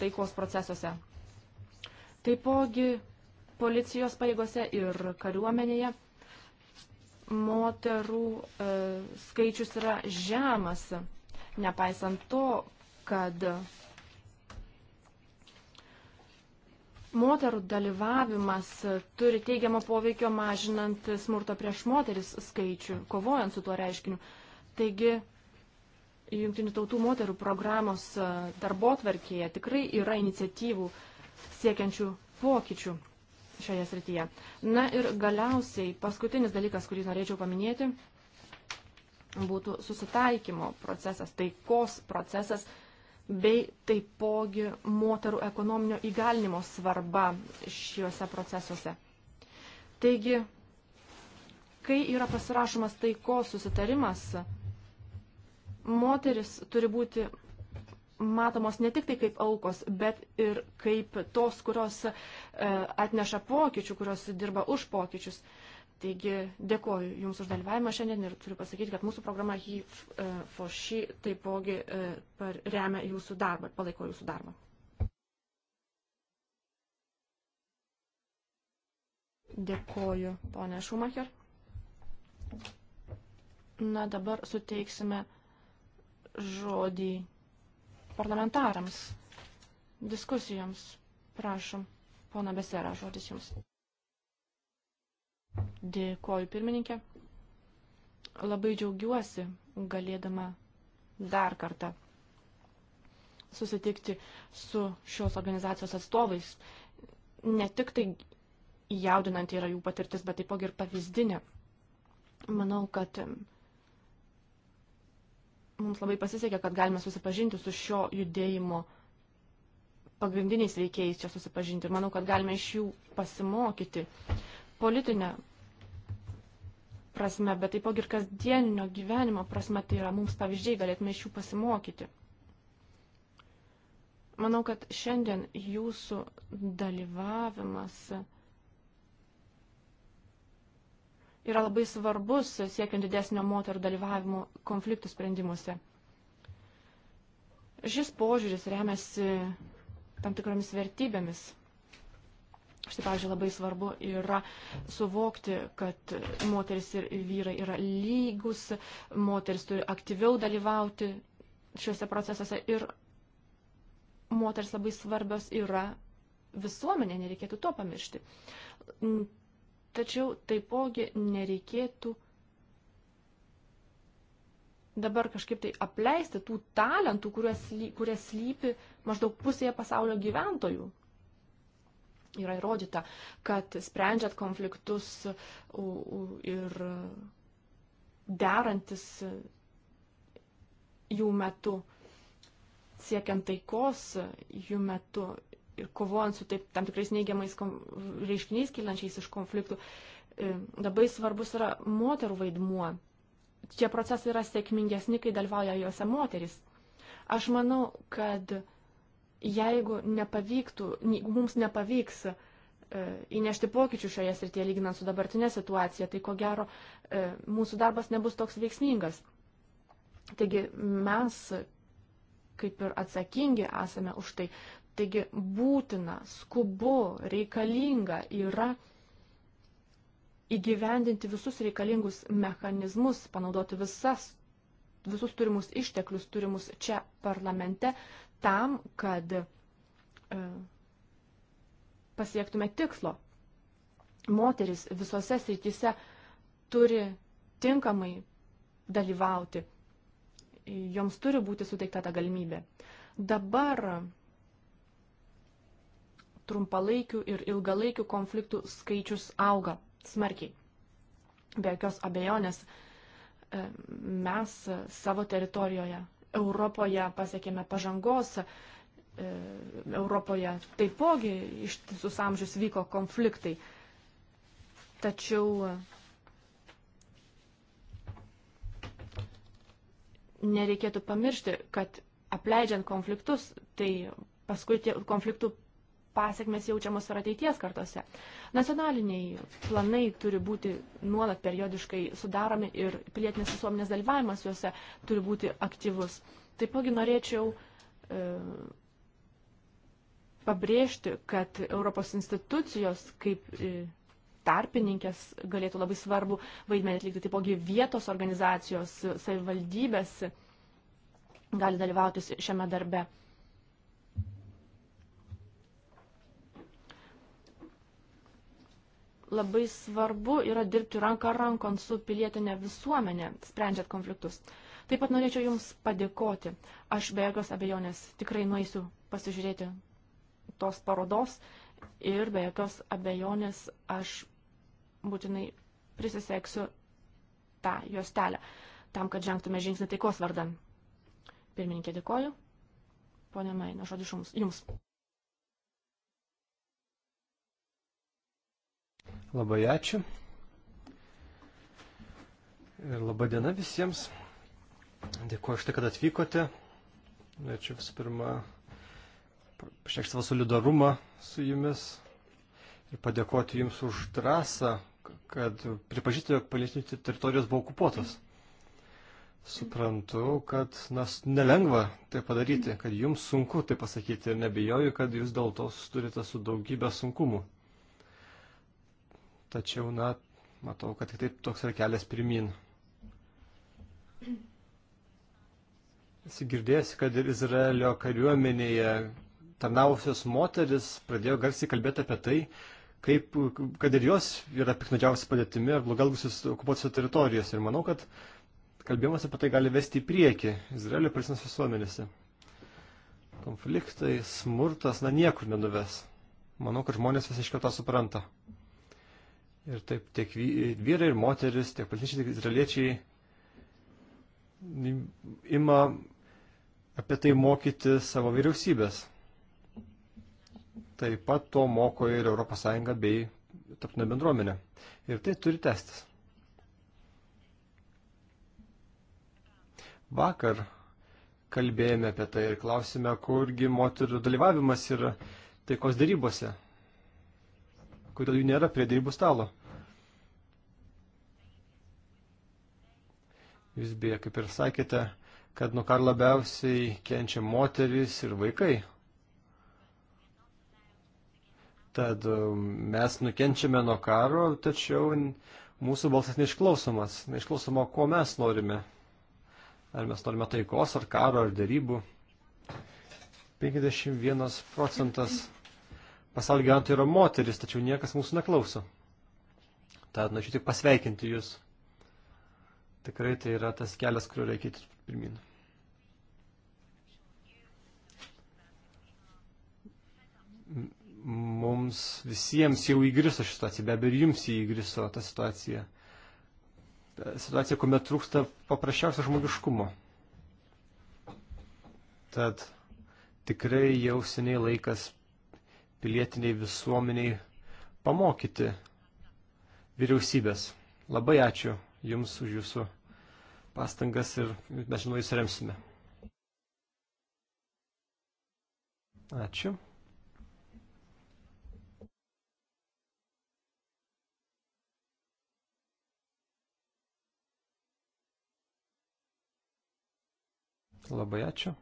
taikos procesuose. Taipogi policijos pareigose ir kariuomenėje moterų e, skaičius yra žemas, nepaisant to, kad moterų dalyvavimas turi teigiamą poveikio mažinant smurto prieš moteris skaičių, kovojant su tuo reiškiniu. Taigi, Junktinių tautų moterų programos darbo tvarkėje tikrai yra iniciatyvų siekiančių pokyčių šioje srityje. Na ir galiausiai paskutinis dalykas, kurį norėčiau paminėti, būtų susitaikymo procesas, taikos procesas bei taipogi moterų ekonominio įgalinimo svarba šiuose procesuose. Taigi, kai yra pasirašomas taikos susitarimas, moteris turi būti matomos ne tik tai kaip aukos, bet ir kaip tos, kurios e, atneša pokyčių, kurios dirba už pokyčius. Taigi dėkoju Jums už dalyvavimą šiandien ir turiu pasakyti, kad mūsų programa He uh, for She taipogi uh, remia Jūsų darbą, palaiko Jūsų darbą. Dėkoju, ponė Šumacher. Na, dabar suteiksime žodį parlamentarams, diskusijoms. Prašom, pona Besera, žodis jums. Dėkoju pirmininkė. Labai džiaugiuosi galėdama dar kartą susitikti su šios organizacijos atstovais. Ne tik tai jaudinanti yra jų patirtis, bet taipogi ir pavyzdinė. Manau, kad mums labai pasisekė, kad galime susipažinti su šio judėjimo pagrindiniais veikėjais čia susipažinti ir manau, kad galime iš jų pasimokyti politinė prasme, bet taipogi ir kasdieninio gyvenimo prasme, tai yra mums pavyzdžiai, galėtume iš jų pasimokyti. Manau, kad šiandien jūsų dalyvavimas yra labai svarbus siekiant didesnio moterų dalyvavimo konfliktų sprendimuose. Šis požiūris remiasi tam tikromis vertybėmis Štai, pavyzdžiui, labai svarbu yra suvokti, kad moteris ir vyrai yra lygus, moteris turi aktyviau dalyvauti šiuose procesuose ir moteris labai svarbios yra visuomenė, nereikėtų to pamiršti. Tačiau taipogi nereikėtų dabar kažkaip tai apleisti tų talentų, kurie slypi maždaug pusėje pasaulio gyventojų. Yra įrodyta, kad sprendžiat konfliktus ir derantis jų metu, siekiant taikos jų metu ir kovojant su taip, tam tikrais neigiamais reiškiniais kilančiais iš konfliktų, e, labai svarbus yra moterų vaidmuo. Čia procesai yra sėkmingesni, kai dalyvauja juose moteris. Aš manau, kad jeigu, nepavyktų, jeigu mums nepavyks e, įnešti pokyčių šioje srityje lyginant su dabartinė situacija, tai ko gero e, mūsų darbas nebus toks veiksmingas. Taigi mes kaip ir atsakingi esame už tai. Taigi būtina, skubu, reikalinga yra įgyvendinti visus reikalingus mechanizmus, panaudoti visas visus turimus išteklius, turimus čia parlamente, tam, kad e, pasiektume tikslo. Moteris visose srityse turi tinkamai dalyvauti. Joms turi būti suteikta ta galimybė. Dabar trumpalaikių ir ilgalaikių konfliktų skaičius auga smarkiai. Be jokios abejonės mes savo teritorijoje Europoje pasiekėme pažangos, e, Europoje taipogi ištisus amžius vyko konfliktai. Tačiau e, nereikėtų pamiršti, kad apleidžiant konfliktus, tai paskui tie konfliktų pasiekmes jaučiamos ir ateities kartose. Nacionaliniai planai turi būti nuolat periodiškai sudaromi ir pilietinės visuomenės dalyvavimas juose turi būti aktyvus. Taipogi norėčiau e, pabrėžti, kad Europos institucijos kaip e, tarpininkės galėtų labai svarbu vaidmenį atlikti, taipogi vietos organizacijos, savivaldybės gali dalyvauti šiame darbe. labai svarbu yra dirbti ranką rankon su pilietinė visuomenė, sprendžiant konfliktus. Taip pat norėčiau Jums padėkoti. Aš be jokios abejonės tikrai nueisiu pasižiūrėti tos parodos ir be jokios abejonės aš būtinai prisiseksiu tą juostelę, tam, kad žengtume žingsnį taikos vardan. Pirmininkė dėkoju. Pone Maina, žodis jums. Labai ačiū. Ir laba diena visiems. Dėkuoju štai, kad atvykote. Norėčiau visų pirma pašiekšti savo solidarumą su jumis ir padėkoti jums už drąsą, kad pripažįstate, jog palestinų teritorijos buvo okupuotos. Suprantu, kad nas nelengva tai padaryti, kad jums sunku tai pasakyti ir nebijoju, kad jūs dėl to susidurite su daugybė sunkumų. Tačiau, na, matau, kad tik taip toks yra kelias pirmin. Sigirdėjusi, kad ir Izraelio kariuomenėje tarnavusios moteris pradėjo garsiai kalbėti apie tai, kaip, kad ir jos yra piknadžiausi padėtimi ar blogalgusios okupuotose teritorijose. Ir manau, kad kalbėjimas apie tai gali vesti į priekį Izraelio prisinės visuomenėse. Konfliktai, smurtas, na niekur nenuves. Manau, kad žmonės visiškai tą supranta. Ir taip tiek vyrai ir moteris, tiek palestiniečiai, tiek izraeliečiai ima apie tai mokyti savo vyriausybės. Taip pat to moko ir ES bei tarptautinė bendruomenė. Ir tai turi tęstis. Vakar kalbėjome apie tai ir klausime, kurgi moterų dalyvavimas yra taikos darybose kodėl jų nėra prie dėrybų stalo. Jūs beje, kaip ir sakėte, kad nuo karo labiausiai kenčia moteris ir vaikai. Tad um, mes nukenčiame nuo karo, tačiau mūsų balsas neišklausomas. Neišklausoma, ko mes norime. Ar mes norime taikos, ar karo, ar darybų. 51 procentas pasaulio gyventojų yra moteris, tačiau niekas mūsų neklauso. Tad norėčiau tik pasveikinti jūs. Tikrai tai yra tas kelias, kuriuo reikia pirmin. Mums visiems jau įgriso ši situacija, be abejo ir jums įgriso ta situacija. Situacija, kuomet trūksta paprasčiausio žmogiškumo. Tad tikrai jau seniai laikas pilietiniai visuomeniai pamokyti vyriausybės. Labai ačiū Jums už Jūsų pastangas ir mes žinoma Jūs remsime. Ačiū. Labai ačiū.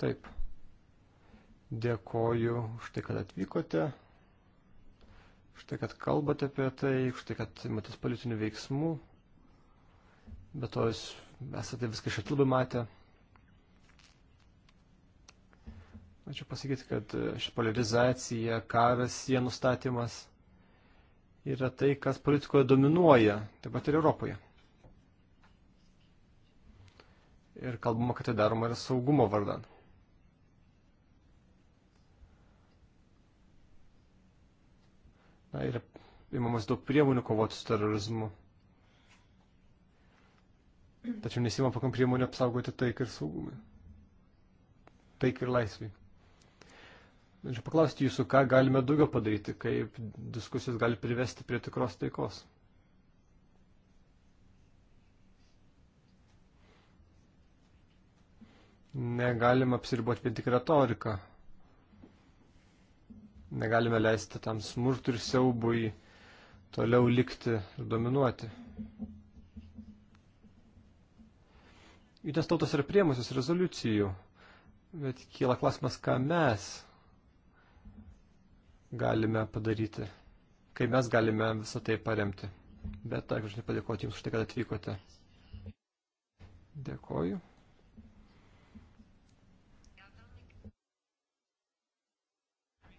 Taip. Dėkoju už tai, kad atvykote, už tai, kad kalbate apie tai, už tai, kad matys politinių veiksmų. Bet to jūs esate viską iš atlubai matę. Ačiū pasakyti, kad ši polarizacija, karas, sienų statymas yra tai, kas politikoje dominuoja, taip pat ir Europoje. Ir kalbama, kad tai daroma yra saugumo vardan. imamas daug priemonių kovoti su terorizmu. Tačiau nesima pakam priemonių apsaugoti taiką ir saugumą. Taiką ir laisvį. Norėčiau paklausti jūsų, ką galime daugiau padaryti, kaip diskusijos gali privesti prie tikros taikos. Negalime apsiriboti vien tik retoriką. Negalime leisti tam smurtui ir siaubui toliau likti ir dominuoti. Jungtinės tautos yra priemusios rezoliucijų, bet kyla klausimas, ką mes galime padaryti, kaip mes galime visą tai paremti. Bet, aišku, aš nepadėkoti Jums už tai, kad atvykote. Dėkoju.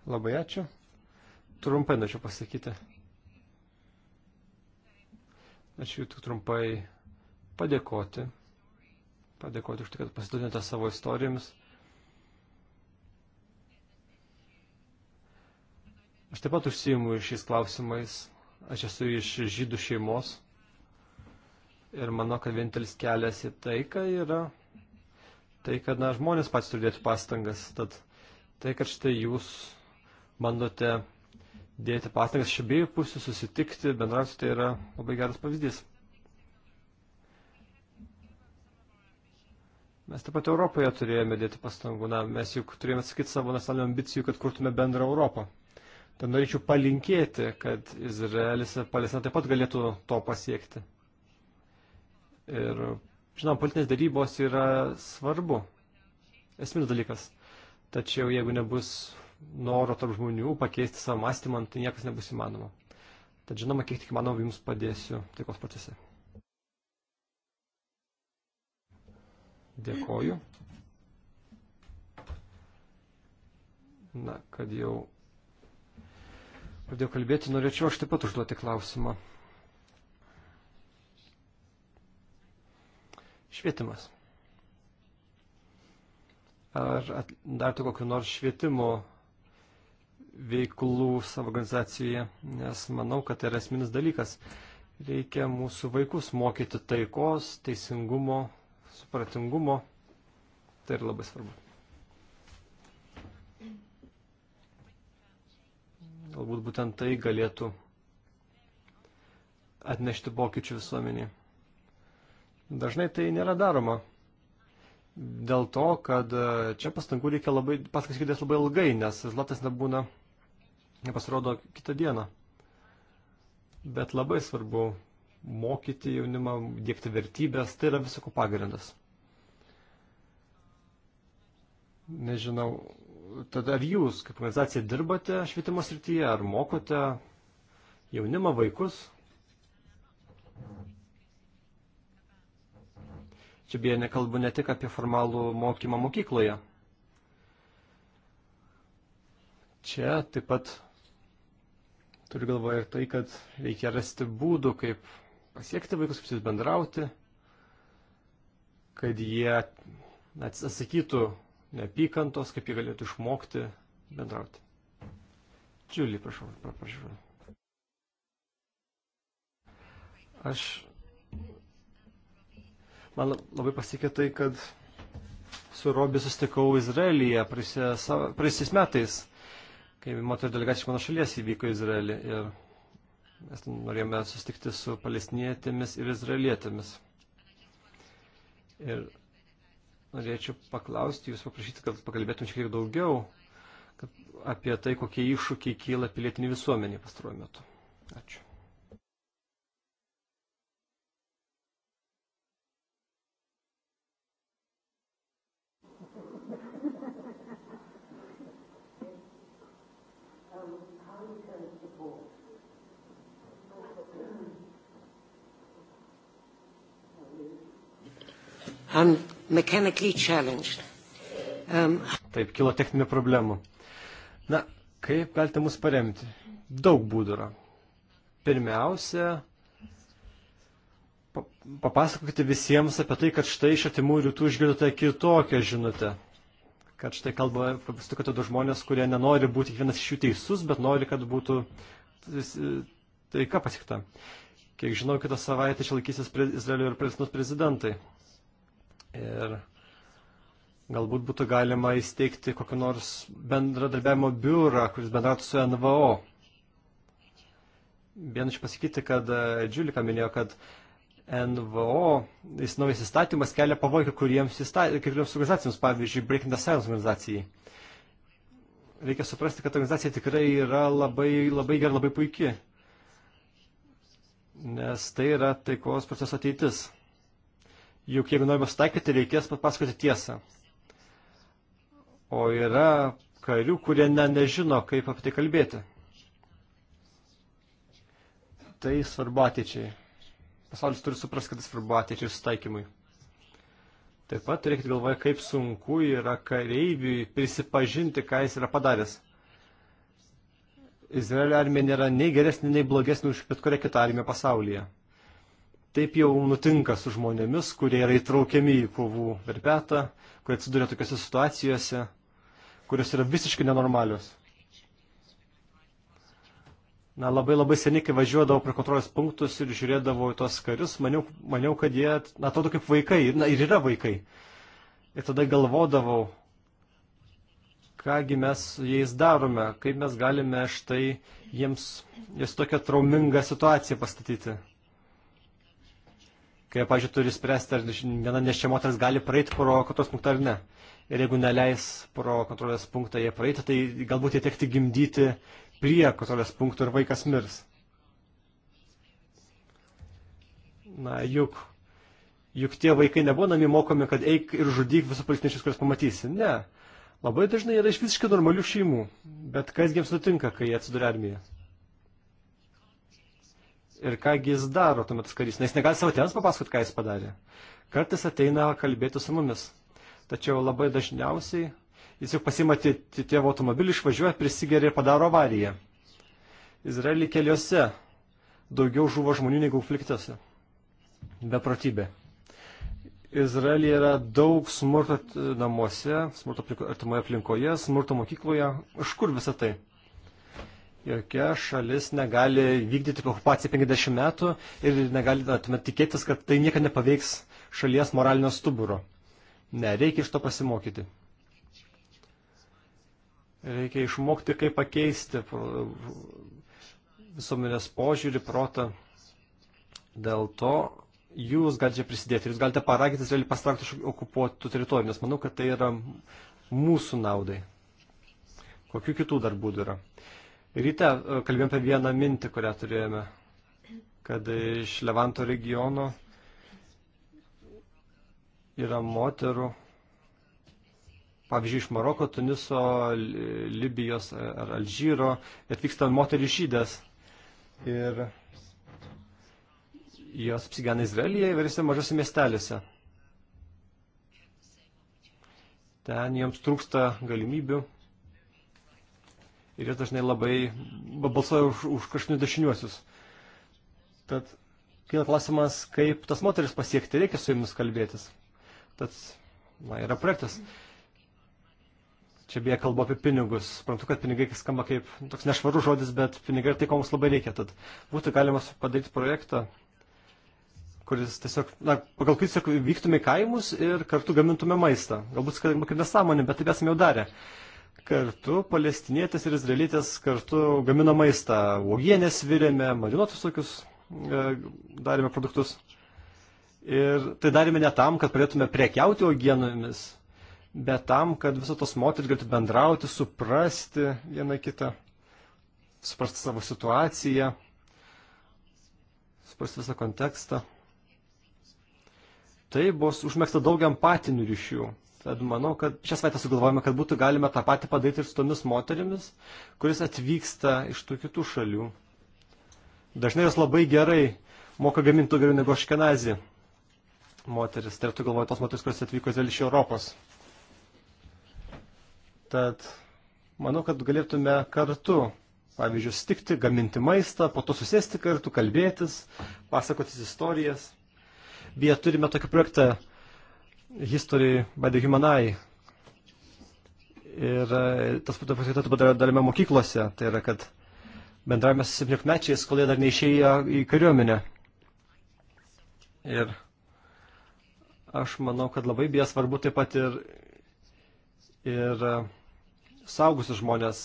Labai ačiū. Trumpai norėčiau pasakyti. Aš jau tik trumpai padėkoti. Padėkoti už tai, kad pasidalinate savo istorijomis. Aš taip pat užsijimu šiais klausimais. Aš esu iš žydų šeimos. Ir manau, kad vienintelis kelias į taiką yra tai, kad na, žmonės pats turi dėti pastangas. Tad tai, kad štai jūs bandote dėti pastangas iš abiejų pusių, susitikti, bendrauti, tai yra labai geras pavyzdys. Mes taip pat Europoje turėjome dėti pastangų, na, mes juk turėjome atsakyti savo nacionalinių ambicijų, kad kurtume bendrą Europą. Tad norėčiau palinkėti, kad Izraelis ir Palestina taip pat galėtų to pasiekti. Ir, žinom, politinės darybos yra svarbu, esminis dalykas. Tačiau jeigu nebus noro tarp žmonių pakeisti savo mąstymą, nu, tai niekas nebus įmanoma. Tad žinoma, kiek tik manau, jums padėsiu taikos procese. Dėkoju. Na, kad jau pradėjau kalbėti, norėčiau aš taip pat užduoti klausimą. Švietimas. Ar dar tu kokiu nors švietimo veiklų savo organizacijoje, nes manau, kad tai yra esminis dalykas. Reikia mūsų vaikus mokyti taikos, teisingumo, supratingumo. Tai yra labai svarbu. Galbūt būtent tai galėtų atnešti pokyčių visuomenį. Dažnai tai nėra daroma. Dėl to, kad e, čia pastangų reikia labai, paskaitikės labai ilgai, nes zlatas nebūna pasirodo kitą dieną. Bet labai svarbu mokyti jaunimą, dėkti vertybės, tai yra visokų pagrindas. Nežinau, tada ar jūs kaip organizacija dirbate švietimo srityje, ar mokote jaunimą, vaikus? Čia beje nekalbu ne tik apie formalų mokymą mokykloje. Čia taip pat Turiu galvoje ir tai, kad reikia rasti būdų, kaip pasiekti vaikus, kaip su jais bendrauti, kad jie atsakytų neapykantos, kaip jie galėtų išmokti bendrauti. Džiulį, prašau, prašau. Aš. Man labai pasikė tai, kad su Robi sustikau Izraelyje praeisiais metais kai moterų delegacija iš mano šalies įvyko į Izraelį ir mes norėjome susitikti su palestinietėmis ir izraelietėmis. Ir norėčiau paklausti, jūs paprašyti, kad pakalbėtum šiek tiek daugiau apie tai, kokie iššūkiai kyla pilietinį visuomenį pastaruoju metu. Ačiū. Um... Taip, kilo techninių problemų. Na, kaip galite mus paremti? Daug būdų yra. Pirmiausia, papasakokite visiems apie tai, kad štai iš atimų rytų išgirdote kitokią žinutę. Kad štai kalba, pasitikote du žmonės, kurie nenori būti kiekvienas iš jų teisus, bet nori, kad būtų taika pasiekta. Kiek žinau, kitą savaitę čia laikysis Izraelio ir Palestinos prezidentai. Ir galbūt būtų galima įsteigti kokį nors bendradarbiavimo biurą, kuris bendratų su NVO. Vien iš pasakyti, kad e, Džiulika minėjo, kad NVO, jis naujas įstatymas kelia pavojų kai kuriems, kuriems organizacijoms, pavyzdžiui, Breaking the Silence organizacijai. Reikia suprasti, kad organizacija tikrai yra labai, labai gera, labai puiki, nes tai yra taikos proceso ateitis. Juk jeigu norime sutaikyti, tai reikės papasakoti tiesą. O yra karių, kurie ne, nežino, kaip apie tai kalbėti. Tai svarbu ateičiai. Pasaulis turi suprasti, kad tai svarbu ateičiai ir sutaikymui. Taip pat turėkit galvoje, kaip sunku yra kareiviui prisipažinti, ką jis yra padaręs. Izraelio armija nėra nei geresnė, nei blogesnė už bet kurią kitą armiją pasaulyje. Taip jau nutinka su žmonėmis, kurie yra įtraukiami į kovų verpetą, kurie atsiduria tokiose situacijose, kurios yra visiškai nenormalios. Na, labai labai seniai, kai važiuodavau prie kontrolės punktus ir žiūrėdavau į tos karius, maniau, maniau kad jie, na, atrodo kaip vaikai, na, ir yra vaikai. Ir tada galvodavau, kągi mes jais darome, kaip mes galime štai jiems, jas tokią traumingą situaciją pastatyti kai, pažiūrėjau, turi spręsti, ar viena neščia moteris gali praeiti pro kontrolės punktą ar ne. Ir jeigu neleis pro kontrolės punktą jie praeiti, tai galbūt jie tekti gimdyti prie kontrolės punktų ir vaikas mirs. Na, juk, juk tie vaikai nebuvo namie mokomi, kad eik ir žudyk visus palestiniečius, kuriuos pamatysi. Ne. Labai dažnai yra iš visiškai normalių šeimų. Bet kas jiems nutinka, kai jie atsiduria armijoje? ir kągi jis daro tuomet tas karys, nes negali savo tėvams papasakoti, ką jis padarė. Kartais ateina kalbėti su mumis, tačiau labai dažniausiai jis jau pasima tėvo automobilį, išvažiuoja, prisigeria ir padaro avariją. Izraelį keliuose daugiau žuvo žmonių negu konfliktuose. Beprotybė. Izraelį yra daug smurto namuose, smurto artimoje aplinkoje, smurto mokykloje. Iš kur visa tai? jokia šalis negali vykdyti okupaciją 50 metų ir negali tuomet tikėtis, kad tai niekada nepaveiks šalies moralinio stuburo. Ne, reikia iš to pasimokyti. Reikia išmokti, kaip pakeisti visuomenės požiūrį, protą. Dėl to jūs galite prisidėti, jūs galite paraginti Izraelį pastraukti iš okupuotų teritorijų, nes manau, kad tai yra mūsų naudai. Kokių kitų dar būdų yra? Ryte e, kalbėjom apie vieną mintį, kurią turėjome, kad iš Levanto regiono yra moterų, pavyzdžiui, iš Maroko, Tuniso, Libijos e, ar Alžyro, atvyksta moterį žydės ir jos apsigena Izraelyje įvairiose mažose miestelėse. Ten joms trūksta galimybių ir jos dažnai labai balsuoja už, už kraštinius dešiniuosius. Tad kyla klausimas, kaip tas moteris pasiekti, reikia su jomis kalbėtis. Tad, na, yra projektas. Čia beje kalba apie pinigus. Suprantu, kad pinigai skamba kaip toks nešvarus žodis, bet pinigai yra tai, ko mums labai reikia. Tad būtų galima padaryti projektą, kuris tiesiog, na, pagal kurį tiesiog vyktume į kaimus ir kartu gamintume maistą. Galbūt skamba kaip nesąmonė, bet taip esame jau darę kartu palestinietis ir izraelytis kartu gamino maistą. Uogienės virėme, marinuotus tokius e, darėme produktus. Ir tai darėme ne tam, kad pradėtume prekiauti uogienomis, bet tam, kad visos tos moteris galėtų bendrauti, suprasti vieną kitą, suprasti savo situaciją, suprasti visą kontekstą. Tai bus užmėgsta daug empatinių ryšių Tad manau, kad šią savaitę sugalvojame, kad būtų galima tą patį padaryti ir su tomis moterimis, kuris atvyksta iš tų kitų šalių. Dažnai jos labai gerai moka gaminti geriau negu aškenazį moteris. Tai tu galvoji tos moteris, kurios atvyko vėl iš Europos. Tad manau, kad galėtume kartu, pavyzdžiui, stikti, gaminti maistą, po to susėsti kartu, kalbėtis, pasakotis istorijas. Beje, turime tokį projektą History by the Human Eye. Ir e, tas būtų pasakyta dabar dalime mokyklose, tai yra, kad bendravime su 17-mečiais, kol jie dar neišėjo į kariuomenę. Ir aš manau, kad labai bija svarbu taip pat ir, ir e, saugusius žmonės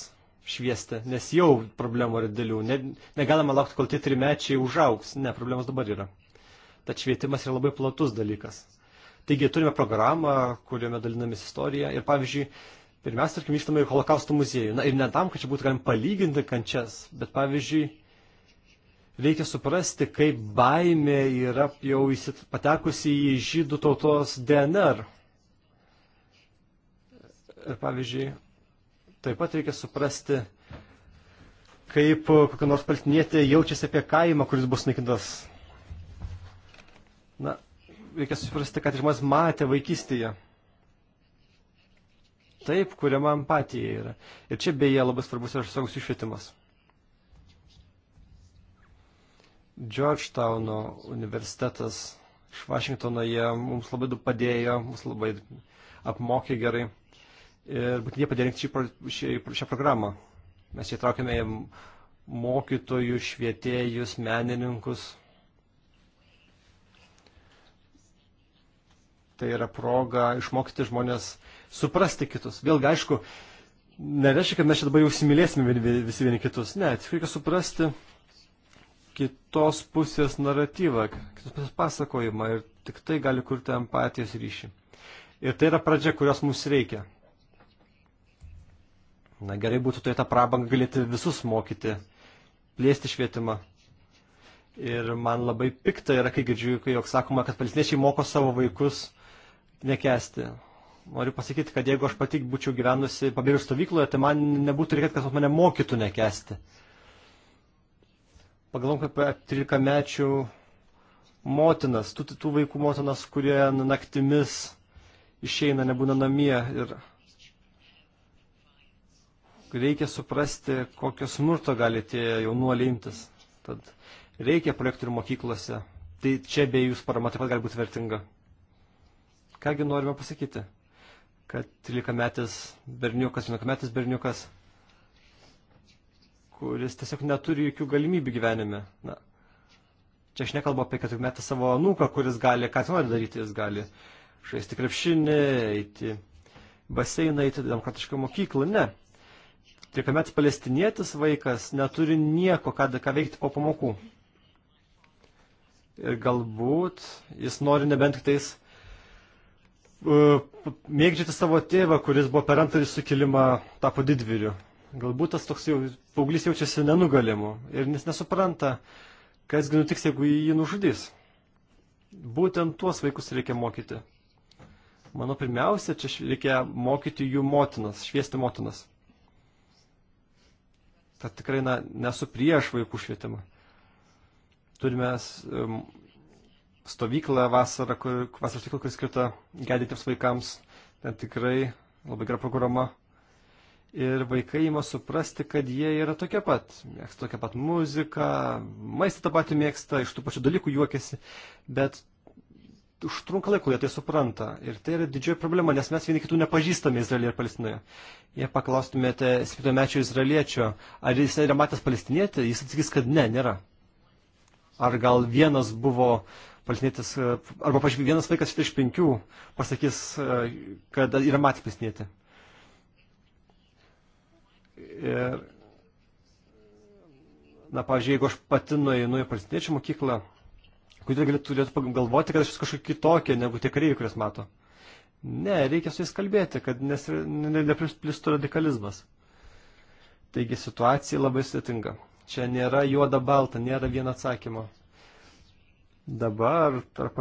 šviesti, nes jau problemų yra dėlių. Ne, negalima laukti, kol tie trimečiai užauks. Ne, problemas dabar yra. Tačiau švietimas yra labai platus dalykas. Taigi turime programą, kuriame dalinamės istoriją ir pavyzdžiui, pirmiausia, tarkim, vykstame į holokausto muziejų. Na ir ne tam, kad čia būtų galim palyginti kančias, bet pavyzdžiui, reikia suprasti, kaip baimė yra jau patekusi į žydų tautos DNR. Ir pavyzdžiui, taip pat reikia suprasti, kaip kokia nors paltinietė jaučiasi apie kaimą, kuris bus naikintas reikia suprasti, kad žmonės matė vaikystėje. Taip, kuriama empatija yra. Ir čia beje labai svarbus yra saugus išvietimas. Georgetowno universitetas iš Vašingtono jie mums labai daug padėjo, mums labai apmokė gerai. Ir būtent jie padėjo rinkti šį, šį, šią programą. Mes čia traukėme mokytojus, švietėjus, menininkus Tai yra proga išmokyti žmonės suprasti kitus. Vėlgi, aišku, nereiškia, kad mes čia dabar jau similėsime visi vieni kitus. Ne, tik reikia suprasti kitos pusės naratyvą, kitos pusės pasakojimą ir tik tai gali kurti empatijos ryšį. Ir tai yra pradžia, kurios mums reikia. Na gerai būtų tai tą prabangą galėti visus mokyti, plėsti švietimą. Ir man labai pikta yra, kai girdžiu, kai jog sakoma, kad palestiniečiai moko savo vaikus nekesti. Noriu pasakyti, kad jeigu aš pati būčiau gyvenusi pabėgėlių stovykloje, tai man nebūtų reikėt, kad mane mokytų nekesti. Pagalvom apie 13 mečių motinas, tų, tų vaikų motinas, kurie naktimis išeina, nebūna namie. Ir reikia suprasti, kokio smurto gali tie jaunuoliai imtis. Tad reikia projektų ir mokyklose. Tai čia bei jūsų parama taip pat gali būti vertinga. Kągi norime pasakyti, kad 13-metis berniukas, 11-metis berniukas, kuris tiesiog neturi jokių galimybių gyvenime. Na, čia aš nekalbu apie 14-metį savo anūką, kuris gali, ką nori daryti, jis gali žaisti krepšinį, eiti baseiną, eiti demokratišką mokyklą, ne. 13-metis palestinietis vaikas neturi nieko, ką, ką veikti po pamokų. Ir galbūt jis nori nebent tais mėgdžioti savo tėvą, kuris buvo per antrąjį sukilimą, tapo didvyriu. Galbūt tas toks jau paauglys jaučiasi nenugalimu ir jis nesupranta, kasgi nutiks, jeigu jį nužudys. Būtent tuos vaikus reikia mokyti. Mano pirmiausia, čia reikia mokyti jų motinas, šviesti motinas. Tad tikrai na, nesu prieš vaikų švietimą. Turime stovyklą vasarą, kur, vasarą stovyklą, kur skirta gedintiems vaikams. Ten tikrai labai gera programa. Ir vaikai ima suprasti, kad jie yra tokie pat. Mėgsta tokią pat muziką, maistą tą patį mėgsta, iš tų pačių dalykų juokiasi. Bet užtrunka laiko, jie tai supranta. Ir tai yra didžioji problema, nes mes vieni kitų nepažįstame Izraelyje ir Palestinoje. Jei paklaustumėte septynmečio izraeliečio, ar jis yra matęs palestinietį, jis atsakys, kad ne, nėra. Ar gal vienas buvo palestinėtis, e, arba pažiūrėjau, vienas vaikas iš penkių pasakys, e, kad yra matęs palestinėtį. Ir, na, pavyzdžiui, jeigu aš pati nueinu į palestiniečių mokyklą, kodėl galėtų, turėtų pagalvoti, kad aš esu kažkokia kitokia negu tie kariai, kurias mato. Ne, reikia su jais kalbėti, kad neplistų radikalizmas. Taigi situacija labai sudėtinga. Čia nėra juoda balta, nėra vieno atsakymo dabar tarp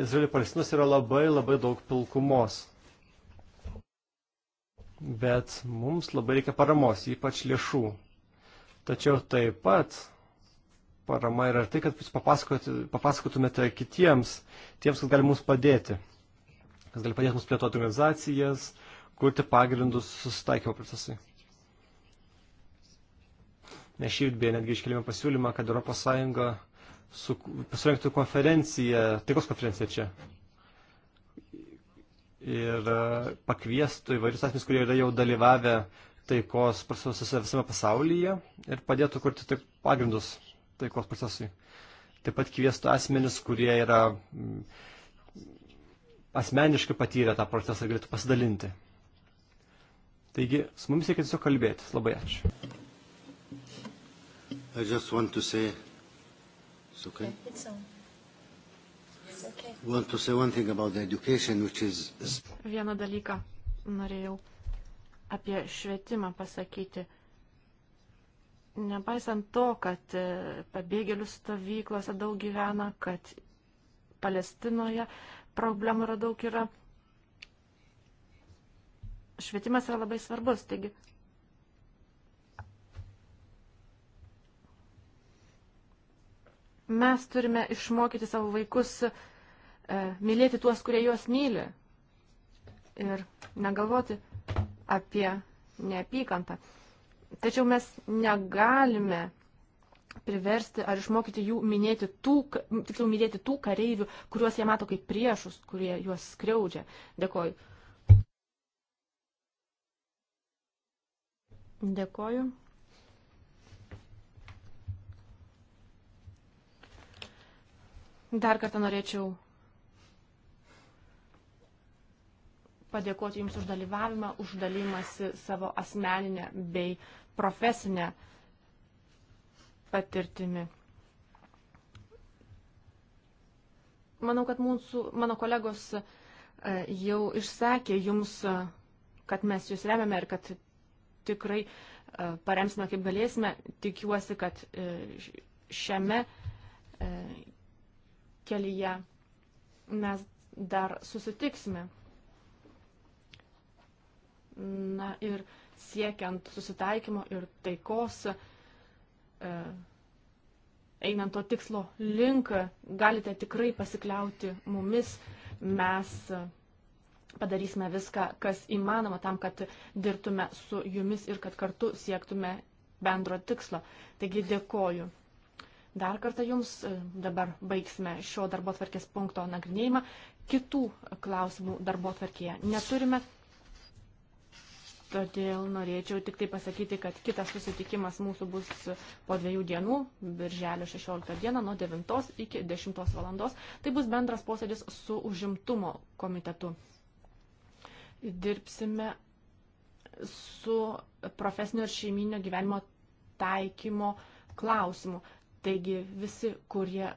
Izraelio palestinos yra labai labai daug pilkumos. Bet mums labai reikia paramos, ypač lėšų. Tačiau taip pat parama yra tai, kad jūs papasakotumėte kitiems, tiems, kas gali mums padėti. Kas gali padėti mums plėtoti organizacijas, kurti pagrindus susitaikymo procesai. Mes šį beje netgi iškelime pasiūlymą, kad ES pasirengti konferenciją, taikos konferenciją čia. Ir e, pakviestų įvairius asmenys, kurie yra jau dalyvavę taikos procesuose visame pasaulyje ir padėtų kurti taip pagrindus taikos procesui. Taip pat kviestų asmenis, kurie yra mm, asmeniškai patyrę tą procesą ir galėtų pasidalinti. Taigi, su mumis reikia tiesiog kalbėtis. Labai ačiū. I just want to say It's okay? okay it's on. It's okay. Want to say one thing about the education, which is... Vieną dalyką norėjau apie švietimą pasakyti. Nepaisant to, kad e, pabėgėlių stovyklose daug gyvena, kad Palestinoje problemų yra daug yra, švietimas yra labai svarbus. Taigi Mes turime išmokyti savo vaikus e, mylėti tuos, kurie juos myli. Ir negalvoti apie neapykantą. Tačiau mes negalime priversti ar išmokyti jų minėti tų, tiksliau minėti tų kareivių, kuriuos jie mato kaip priešus, kurie juos skriaudžia. Dėkoju. Dėkoju. Dar kartą norėčiau padėkoti Jums už dalyvavimą, už dalymasi savo asmeninę bei profesinę patirtimi. Manau, kad mūsų, mano kolegos e, jau išsakė Jums, e, kad mes Jūs remiame ir kad tikrai e, paremsime kaip galėsime. Tikiuosi, kad šiame kelyje mes dar susitiksime. Na ir siekiant susitaikymo ir taikos, e, einant to tikslo link, galite tikrai pasikliauti mumis. Mes e, padarysime viską, kas įmanoma tam, kad dirbtume su jumis ir kad kartu siektume bendro tikslo. Taigi dėkoju. Dar kartą Jums e, dabar baigsime šio darbo tvarkės punkto nagrinėjimą. Kitų klausimų darbo tvarkėje neturime. Todėl norėčiau tik tai pasakyti, kad kitas susitikimas mūsų bus po dviejų dienų, birželio 16 dieną, nuo 9 iki 10 valandos. Tai bus bendras posėdis su užimtumo komitetu. Dirbsime su profesinio ir šeiminio gyvenimo taikymo klausimu. Taigi visi, kurie